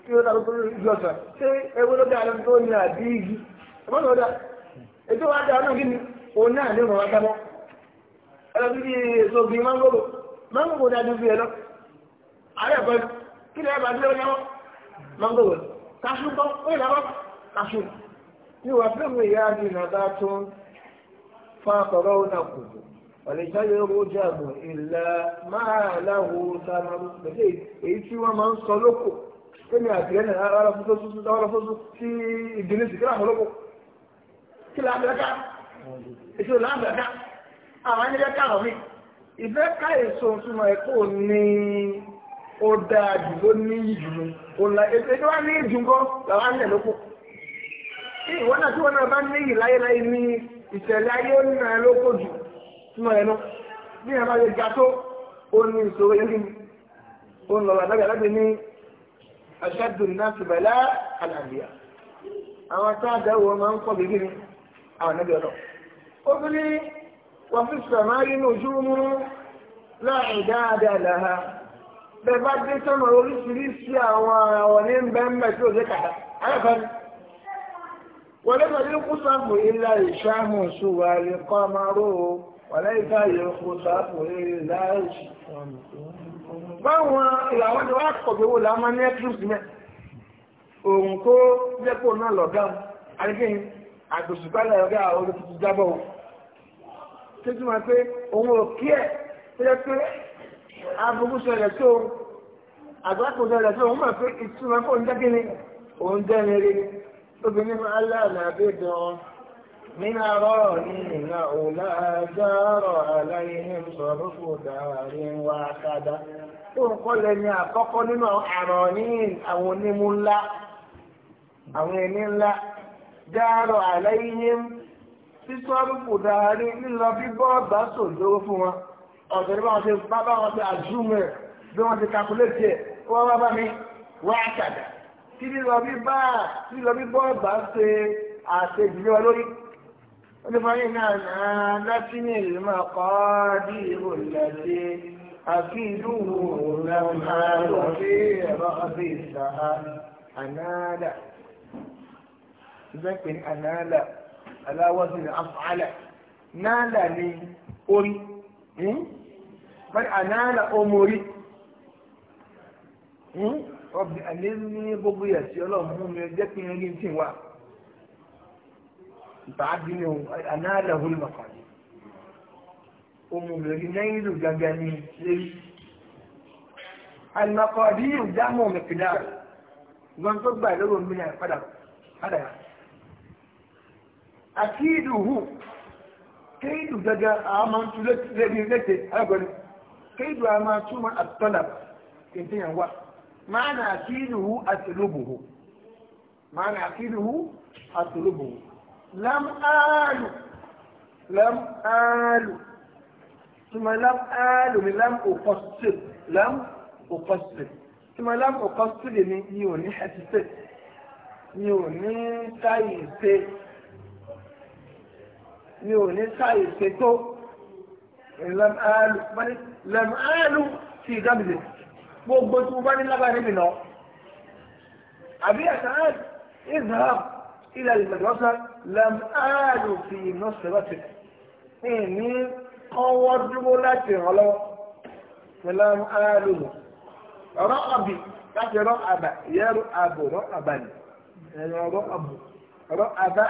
S1: kí ó dá lóko lórí ìjọsìn ṣé ewé ló dá lóko ní àbí igi ẹ̀fọ́ ètò wa dáa náà kí ni òun náà ní ọmọ wa sábọ́ ẹlọ́bí bí èso ògbìn mángòrò mángòrò dájú bí ẹ lọ ààrẹ ẹ̀kọ́ kí ni ẹ bá dúró náà mángòrò kaṣu bọ́ ó yẹ lọ́wọ́ kaṣu ní wà fún mi ìyá mi nàbà tó ń fa àkọ́rọ́ ọ̀nà kù ọ̀lẹ́sàlẹ̀ owó jàgbọ̀ ìlà máa láwo sàmàlú pẹ̀lú èyí tí wọ́n máa ń sọ lóko kémi àtìlẹ́yìn ara fúnfúnfún tí ìdílé sì kí kí la bẹ̀rẹ̀ká èso là ń bẹ̀rẹ̀ká àwọn ẹni bẹ́ẹ̀ káàrọ̀ mi ìfẹ́ ká èso súnmọ́ ẹ̀kọ́ ní ó dáa jù ló ní ìdùnnú òǹlà èso wa ní ìdùnkọ́ làwọn á ń tẹ̀lé kó ìwọ náà tí wọn náà bá ní ìláyéláyé ní ìṣẹ̀lẹ̀ ayé ó nà lóko jù súnmọ́ ẹnu bí ẹ bá lè ga tó ó ní ìṣòro yẹn nínú ó ń lọ wà lábẹ́ lábẹ́ ní aṣáájú náà ṣùgbọ́n láàlàyé àwọn a dáwọ́ máa ń kọ́ bíbí ni àwọn ànábì ọlọ́ ó tún ní wọ́n fi sọ̀mọ́ inú ojú mú láì dáadáa làhá bẹ́ẹ̀ bá dé sọ́nà oríṣiríṣi àwọn ọ̀ní ń bẹ́ ń bẹ́ tí ó dé kàtà ayọ̀kọ́ni wọ́n lé pẹ̀lú kùsàmù ilá ìṣàmù ṣùgbọ́n àlèkọ́ máa rò ó wọ́n lẹ́yìn táyé kùsàmù ilá ìṣàmù báwọn ìlàwọ́n ti wá kọ̀gbẹ̀wò láwọn ní ẹ́tírùsì mẹ́ òun tó jẹ́pọ̀ náà lọ̀gá àríkẹ́yìn àgbòṣùpálẹ̀ ọ̀gá àwọn olùtútù jábọ̀ wọn tó túmọ̀ pé òun ò kí ẹ̀ tó yẹ pé aburú ṣẹlẹ̀ tó àgbákò ṣẹlẹ̀ tó òun mọ̀ pé ìtumọ̀ kó ń dẹ́gẹ́ni òun dẹ́ni rí obìnrin fún aláàbẹ̀ dán من أرانين أولى جار عليهم صرف دار وعقدة orúkọ lẹni àkọ́kọ́ nínú àwọn àrọ̀ní àwọn onímú ńlá àwọn ẹni ńlá dáàrọ̀ àlẹ́yìn sísọ́rùkù dáàrí lílọ bíbọ́ ọ̀gbá sòdówó fún wọn ọ̀dọ̀ ní wọ́n ṣe bábá wọn ṣe àjúmọ̀ bí wọ́n ti kàkúlẹ̀tì ẹ̀ wọ́n bá bá mi wá àkàdà kí lílọ bíbá lílọ bíbọ́ ọ̀gbá ṣe àṣejìlẹ̀ wọn lórí onífọyín náà náà lásìmí ìlúmọ̀ kọ́ bí ìhò ìlàjì àfihàn òun náà máa lọ sí ẹ̀rọ ọ̀sẹ̀ ìṣàhà ṣùgbọ́n pé ní ànáàlà aláwọ̀sí ní àfààlà náàlà ní orí bẹ́ẹ̀ ànáàlà omori ọbẹ̀ àlẹ́rú ní gbogbo yẹ̀ sí ọlọ́run mú mi jẹ́ pé ní ti wà ìtàdí ni ànáàlà olùmọ̀kànlẹ̀ omori náírù gangan ní lérí àlùmọ̀kànlẹ̀ yóò dámọ̀ mẹ́kìlá wọn tó gbà lórí omi náà padà padà yà akídùhù kéèdù gẹ́gẹ́ àwọn máa ń tú lẹ́gbẹ̀ẹ́ agbẹ̀rẹ̀ kéèdù àwọn máa túmọ̀ àtọ́là kéèyàn wà máa nà akídùhù àtìlóbùhù máa nà akídùhù àtìlóbùhù lam áàlù lam áàlù túmọ̀ lam áàlù ni lam òkọ́sìl lam òkọ́sìl túmọ̀ lam òkọ́sìl ni ní hẹ́sìtẹ̀ ni ò ní sáyè ṣètò lẹ́mọ̀ẹ́lù ti ìdábìlẹ̀ gbogbo tí mo bá ní lábàá níbi lọ. àbí àtàràn ìzhab ilẹ̀ ìgbàdúrà lẹ́mọ̀ẹ́lù ti iná sẹ́wọ́tì ní ọwọ́ dúró láti ràn lọ́wọ́ lẹ́mọ̀ẹ́lù rọ́ ọ̀bì láti rọ́ àbà yẹ́rù àbò rọ́ àbàlì ẹ̀rọ rọ́ àbò rọ́ àbà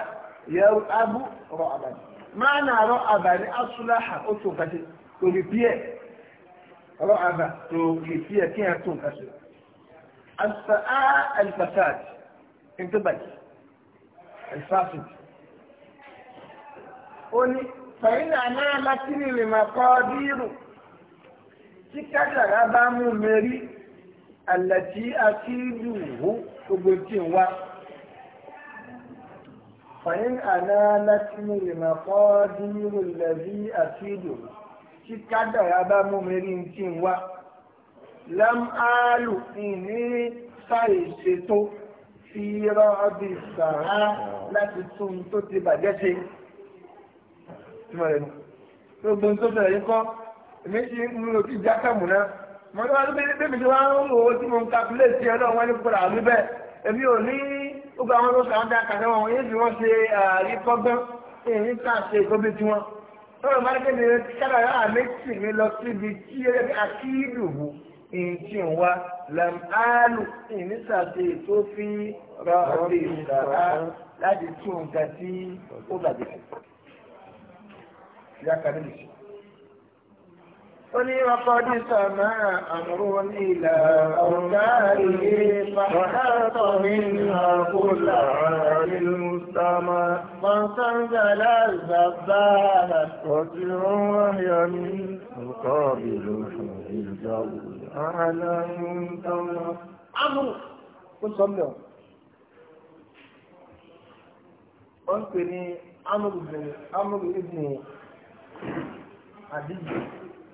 S1: yẹ́rù àbò rọ́ àbàlì. maana àrọ àbàrí asúláhà ó tó nǹkan otu kò lè bí ẹ̀ ọ̀rọ̀ àbà tó lè bí ẹ̀ kí ẹ̀ tó nǹkan alifasad ìgbébàjì alifasid ó ní lè máa kọ́ tí bá mú fàyín àlálátìmí ìmọ̀kọ́ dínírò lẹ́bí àti ìlú tí kádàrá bá mú mi rí tí ń wá lámàálù ìní sáì ṣètò fi rọ́ọ̀bì sàrá láti tún tó ti bàjẹ́ ṣe. gbogbo tó bẹ̀rẹ̀ yín kọ́ èmi ti ń lo ti jákàmù náà mo ní wá lóbi bébí tí wọ́n ń wo tí mo ń kakulé sí ọlọ́run wọn ní kúrò àmì bẹ́ẹ̀ èmi ò ní ó gba àwọn lọ́sọ̀ àwọn dákàtà wọn yóò fi wọ́n ṣe àríkọ́gbọ́n èyí tá a ṣe ìkọ́bí tí wọ́n. lọ́rọ̀ máa ń kéde sára yàrá méjì mi lọ síbi tí akídùbù èyí tí ń wá lam áàlù èyí ṣàṣe tó fi ra ọ̀rẹ́ ìṣàrá láti tún nǹkan tí ó bàjẹ́. ìyá kan níbi ṣe. ولقد سمع أمر إلى أوتاره فحاط منها كل عال مستمع فاستنزل الزبانة وزر وهي من
S2: القابل في الجو
S1: أعلى منتمع أمر قل صلوا أنتني أمر بن أمر ابن عدي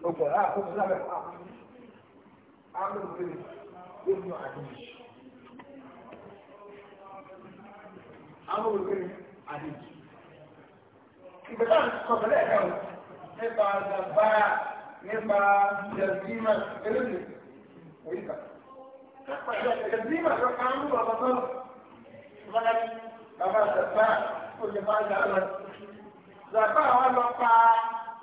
S1: أوكي ها أخذ لعبة عامل كده ابن عديش عامل كده عديش يبقى ده قبلاء قوي يبقى دباع يبقى جزيمة كلمة ويبقى جزيمة رح عامل وبطل غلط دباع دباع كل ما يعمل دباع ولا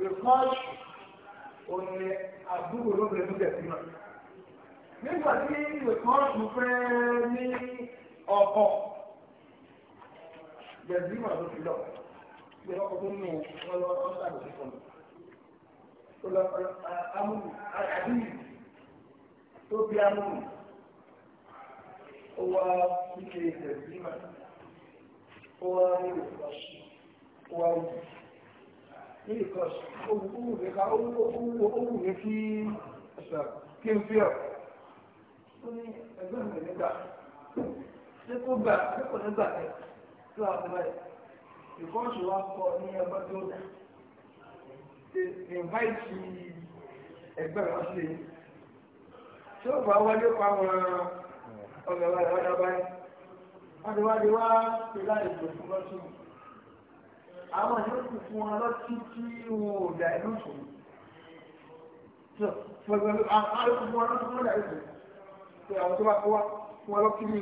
S1: rìkọ́ọ̀ṣì òní àdúgbò lóbìnrin tó tẹ̀sí náà. nígbà tí rìkọ́ọ̀ṣì fẹ́ ní ọkọ̀ jẹ̀dí mà ló fi lọ pé ọkọ̀ tó nù wọn lọ ọ́nà àdúgbò fún mi. tó lọ amúlù àdúgbò tó bí amúlù ó wá kíkẹ́ jẹ̀dí mà ó wá ní because owó rẹ̀ ká owó rẹ̀ kí kí n fi ọ̀ ó ní ẹgbẹ́ mi nígbà ṣé kó gbà ṣé kò nígbà ẹ̀ tó a fún ẹ̀ ìkọ́sù wa kọ ní ẹgbẹ́ tó dà invite ẹgbẹ́ wọn sí i tí ó bá wọlé pa wọn ọ̀gá wá àwọn yòókù fún wọn lọ́tí tí wọn ò dà inú sòrò tó fọgbọ́n àwọn yòókù fún wọn lọ́tí tí wọn dà inú sòrò tó àwọn tó bá kó wa fún wọn lọ́tí mi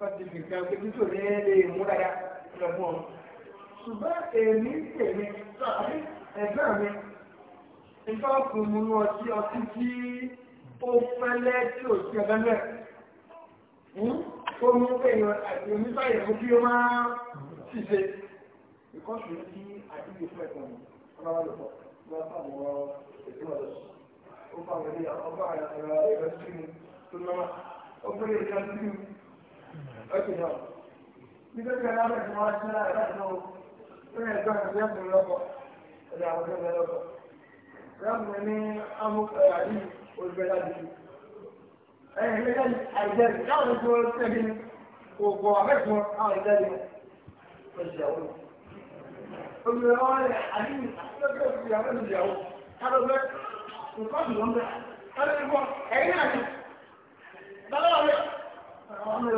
S1: wọ́n fi kan pé títò ní lè mú dada lọ fún ọ. ṣùgbọ́n èmi tèmi ẹ̀gbọ́n mi nǹkan ọkùnrin mu ní ọtí ọtí tí ó fẹ́lẹ́ tí ò sí ọ̀gá náà ó mú èèyàn àti oníṣàyẹ̀wò kí ó máa ṣiṣẹ́ because you see I think it's right on another level. That's not more because ọba wẹlé ọba ẹ̀rọ ẹ̀rọ sínú tó lọ́wọ́ ọgbẹ́lẹ̀ ìjà sínú ẹ̀kẹ́ náà. Nígbà tí ẹ̀rọ ẹ̀rọ máa ṣe náà ẹ̀rọ náà ó ní ẹ̀gbọ́n ẹ̀rọ ẹ̀rọ lọ́kọ̀ ẹ̀rọ àwọn ẹ̀rọ lọ́kọ̀. Ráàmù ní amú àyí olùbẹ̀lá dìbò. Ẹ̀yìn ìgbẹ́jà àìjẹ́rì káwọn ètò ẹ̀gbìn kò gbọ́ àbẹ́kùn àwọn ìjẹ́rì ọ̀ṣẹ̀ àwọn obìnrin wọn rẹ̀ àdínì lọ́jọ́ ìgbìyà lẹ́nu ìyàwó kálọ́gbẹ́ nǹkan tó lọ́gbẹ́ kálọ́gbẹ́ kọ́ ẹ̀yìn àti bàbá rẹ̀ àwọn ọmọ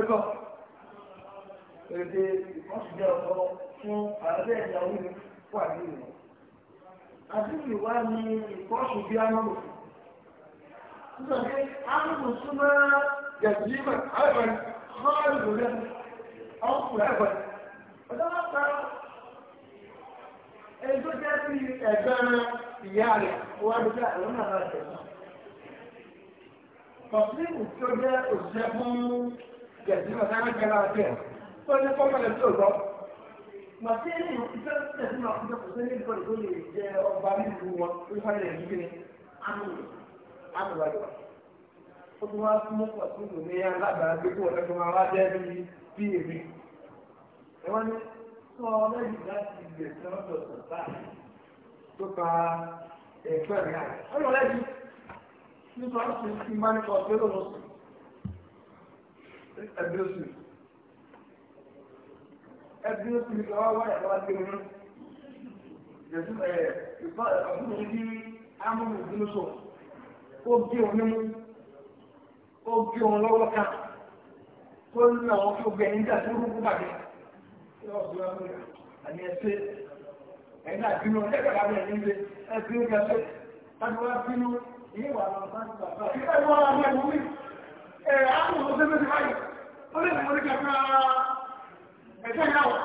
S1: rẹ̀ kọ́ ẹjọ jẹ sí ẹ̀gbọ́n ìyá rẹ̀ wọn bí ká òun na bá náà kọ̀sílìkù tí ó jẹ́ òṣìṣẹ́ fún gẹ̀ẹ́sìmọ̀ sáré kẹlá ọ̀tẹ̀ tó ní kọ́kọ́lẹ̀ tí ó gbọ́ màtí ẹni ìfẹ́ tẹ̀símọ̀ àkójọ kò sí ní ìbọ̀dì tó lè jẹ ọba nínú wọn tó fẹ́ rẹ̀ ó tún wá fún ní alábàágbé tó wọ́n sọ lẹ́yìn láti ilẹ̀ tí wọ́n tó ka ẹ̀fẹ́ rẹ̀ àyè. ó lọ ti máa ń kọ ọ̀gbẹ́ lọ́wọ́ sí ẹbí oṣù ẹbí wáyà wá gbé wọn. Jẹ̀sùn ẹ̀ ìfọ̀ ọ̀gbìn ní amúnú ìdúró ó gbé wọn nímú ó gbé wọn lọ́wọ́ kan kó ní àwọn tó gbẹ̀yìn dà tó rúkú bàjẹ́ ẹ̀yìn àbínú ẹgbẹ̀rẹ̀ àwọn ẹ̀yìn ilé ẹgbẹ̀rẹ̀ ìgbẹ̀rẹ̀ tàbí wá bínú ìwà àwọn ọ̀sán ti bàbá ìgbẹ̀rẹ̀ wọn àwọn ẹ̀wọ̀n mi ẹ̀rẹ̀ àwọn ọ̀sán tó ti báyìí ó lè mọ̀ nígbà fún ara ẹ̀sẹ̀ ìyàwó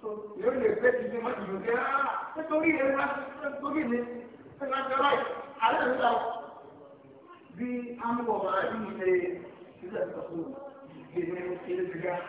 S1: so yóò lè fẹ́ ti ṣe mọ́ ìlú jẹ́ ah nítorí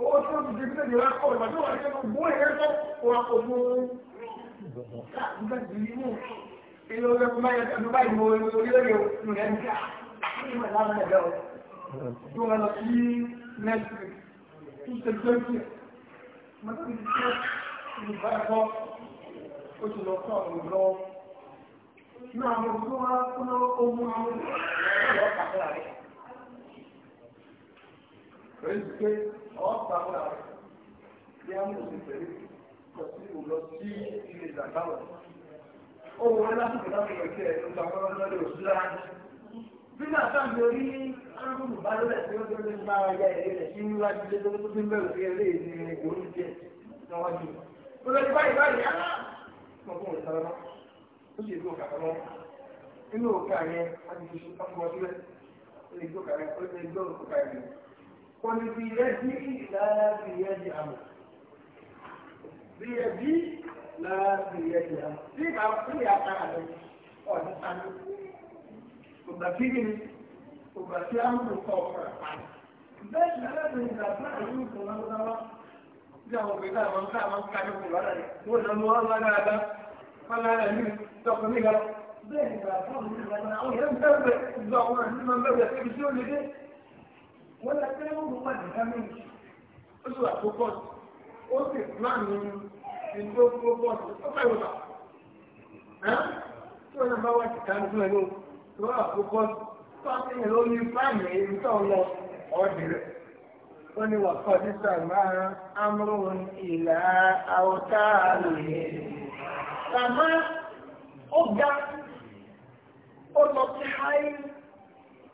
S1: owó tí wọ́n ti di bílẹ̀ ìrà kọ̀ ìgbà tó wà ní ẹnu gbó ẹ̀rẹ́ tó wà kò mú un ká nígbà tí yìí mú ilé orí ẹkùn máa yẹ kí ọdún báyìí mọ orílẹ̀-èdè òkú rẹ̀ ń ká ní ìmọ̀ ìlànà ẹ̀dẹ́ o tí wọ́n lọ sí netflix two seventy mọ́tò ti tó olùbárakọ́ ó ti lọ sọ ọ̀rọ̀ lọ́wọ́ nínú àwọn olùdó wa kúná ogun àwọn olùdó wa kàkàrà àwọn pàmòlà rẹ̀ bí a mú òsì pẹ̀lú kọ̀ òlọ sí ilé ìdàgbàwọ̀. Ó wọ lásìkò láti rẹ̀ kí ẹ̀ ló gba ọ̀rọ̀ lọ́dẹ̀ òsì lára. Bí náà sáàmì orí arákùnrin bá lọ́lẹ̀ tí ó tó lé máa ya ẹ̀rẹ́ rẹ̀ sí níwájú lé tó tún bẹ̀rù sí eré ìdí orí jẹ níwájú. Ó lọ sí báyìí báyìí á mọ̀ fún òun Ó sì gbó kàkà mọ́. Inú òkè àyẹn, a ti قل بيدي لا بيد أمر بيدي لا بيد أمر في بعض يا قاعدة قال أنا وما فيني وما في أمر الصبر بس لا بد من أبناء يوسف الله jáwọn òbí náà wọn káà máa ń kájú kù lára rẹ̀ wọ́n lọ mú wọn lára àdá wọn lára ẹ̀mí tọkọ nígbà bẹ́ẹ̀ ni bàbá òun ní ìgbà náà àwọn èèyàn ń bẹ̀rẹ̀ ìgbà wọn àti ìgbà bẹ̀rẹ̀ síbi tí ó lè dé wọ́n lọ pé ó mú pàdé dámẹ́jì ó sì wà tó pọ̀jù ó sì pláàni ẹni tó tó pọ̀jù ó fẹ́ wọ́n bà tí wọ́n náà bá wà ti ká nínú ẹni tó wà tó pọ̀jù tó wà sí ìlú ní pláàni tó ń lọ ọ̀dì rẹ̀ wọ́n ní wà kọ́ ní sàmà amúrún ìlà àwòtá àlè sàmà ó ga ó lọ sí háì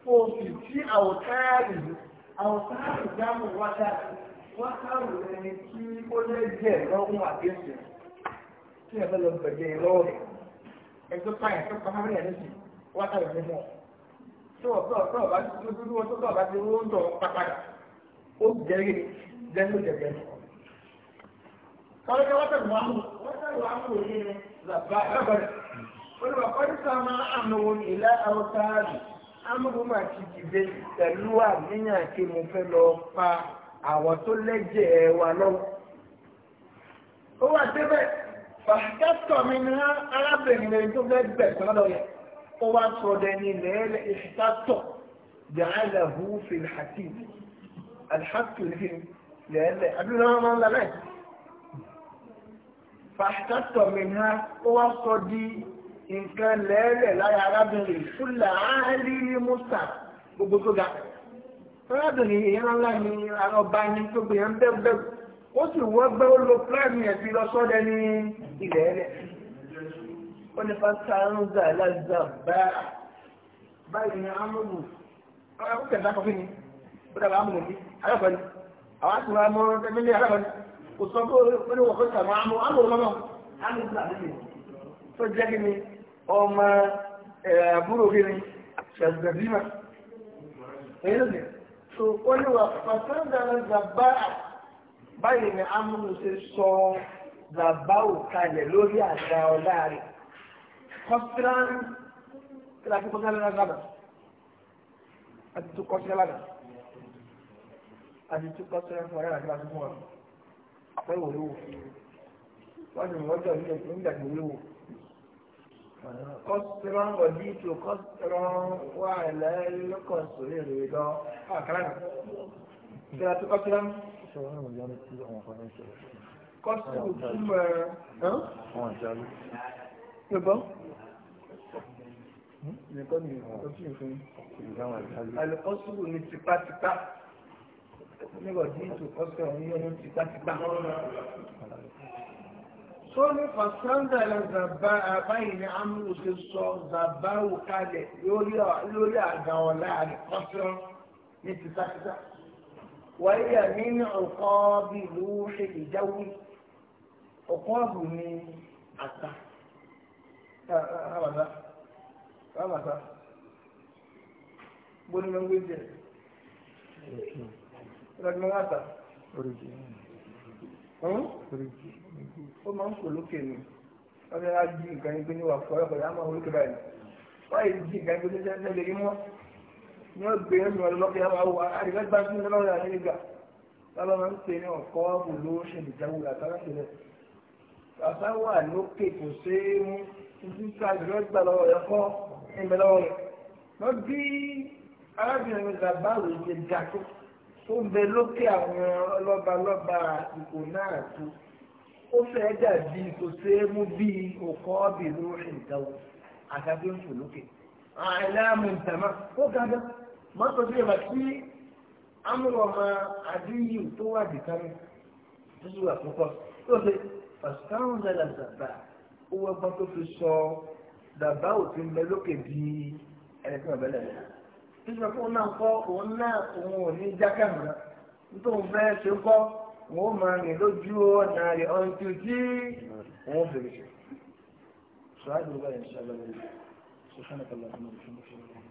S1: fòfì tí àwòtá àlè àwòsàn ìjáàmù wáṣà wáṣàrù ẹni tí ó lé díẹ̀ lọ́wọ́ àdéhùn tí ẹ̀fẹ́ lọ bẹ̀jẹ̀ lọ́wọ́ rẹ̀ ẹjọ́ páyà tó pa hábẹ́rẹ́ ẹni sì wáṣàrù ẹni mọ́ tó ọ̀tọ̀ ọ̀tọ̀ ọ̀bá tó dúdú wọn tó tọ̀ ọ̀bá tó ń tọ̀ pápádà ó jẹ́rí lẹ́nu jẹ̀jẹ̀ lọ. kọ́lẹ́kẹ́ wáṣàrù wàhù wáṣàrù wàhù òye ni làbá ẹ̀rọ amúrúmà ti dìde pẹ̀lú àníyàn kí mo fẹ́ lọ pa àwọn tó lẹ́jẹ̀ wa lọ́wọ́. ó wà débẹ̀ pàṣípàṣọ mi ní arábìnrin rẹ̀ tó fẹ́ gbẹ̀sán lọ yẹ ó wá sọ dẹni lẹ́ẹ̀lẹ́ ìṣítàtọ̀ jàǹdà hu fìlhàtì alhàtùlì lẹ́ẹ̀lẹ́ àdúrà wọn máa ń lọ bẹ́ẹ̀. pàṣípàṣọ mi ní ó wá sọ di nǹkan lẹ́ẹ̀lẹ̀ lára arábìnrin fúlà áhẹ́lì mùsà gbogbo tó ga arábìnrin èèyàn ńlá ni ọba ni tó gbé yẹn bẹ́ẹ̀bẹ́ẹ̀ ó sì wọ́gbẹ́ ó lo pílánì ẹ̀bí lọ sọ́dẹ ní ilẹ̀ ẹ̀lẹ̀ ó ní fásitì aláìsà báyà báyìí ni amúlù ó kẹta kọfí ni ó dàbà amúlù bí alákọ̀ọ́ni àwọn àti wọn mọ ẹgbẹ́ni alákọ̀ọ́ni kò sọ pé ó ní wọ́n kọ́ sàmú amúlù amúlù tó ọmọ àbúrò gíní ṣàzàbímà ẹ̀yẹ́dẹ̀ tó ó ní wà pàtàkì zàbá báyìí ni amúnú ṣe sọ zàbá òkalẹ̀ lórí àṣà ọ̀la rẹ̀ kọ́sílán kí la fi kọ́sílán lára zàbá àti tó kọ́sílán lára àti tó kọ́sílán fún ọ̀rẹ́ àti láti fún ọ̀rẹ́ àpẹ́wò lówó wọ́n ti mú ọjọ́ ìlú ìgbà ìlú lówó. قصرا وجئت قصرا وعلى القصر رضا اه كلام جاءت قصرا قصر ثم ها يبا القصر من تقا تقا نبغى جئت قصرا وجئت تقا تقا tó ní fàṣáńdà lọ zàbá àbáyìí ní amúlù ti sọ zàbá wò kalẹ̀ lórí àga ọ̀la rẹ̀ kọ́sọ́ ní tìtakìtà. wáyà nínú ọ̀kọ́ bí ìlú ṣe ìjáwé ọ̀kọ́ ọ̀bù ní àta. Ramata, Ramata, bóni ló ń gbé jẹ? Ìrọ̀lẹ́ mọ́ àtà ó máa ń fò lókè ni wọ́n fẹ́ láti jí nǹkan gbé níwà fún ọ̀rọ̀ pẹ̀lú àmọ́ olókè báyìí wọ́n yìí jí nǹkan gbé níṣẹ́ nílé yìí mọ́ ní wọ́n gbé ní ọ̀rọ̀ lọ́kẹ́ yàrá wà àdìgbà gbá sí ní lọ́rọ̀ àti nígbà bàbá máa ń pè ní ọ̀kọ́ wò ló ṣe ìjáwó àtàrà sílẹ̀ bàbá wà lókè kò ṣeé mú ìdíkà ìrẹ́gbà lọ́wọ́ ẹ̀kọ́ ìmẹ̀lọ́wọ́ rẹ̀ wọ́n bí arábìnrin bàbá rẹ̀ ṣe dàtó tó ń bẹ lókè àwọn ọlọ́ba lọ́ba àsìkò náà tó ó fẹ́ dàbí kò ṣe é mú bí òkọ́ bìrú ìdáwó àtàgbé ń fò lókè àìláàmù ìtàmá ó gàdá má sọ sí ìwà tí amúrọ̀mọ àdúyìí tó wà dìkanú tó sì wà púpọ̀ tó ṣe pàṣípàrọ̀ náírà dàbà ó wọ́n gbọ́ tó fi sọ dàbà ò ti ń bẹ lókè bí ẹni tó ń bẹ lẹ́yìn tó ṣe pé òun náà kọ́ òun náà òun ò ní jákàmù náà nítorí òun fẹ́ ṣe kọ́. wọ́n máa rìn lójú ọ̀nà rẹ̀ ọ̀ntú tí wọ́n ṣe.
S2: ṣe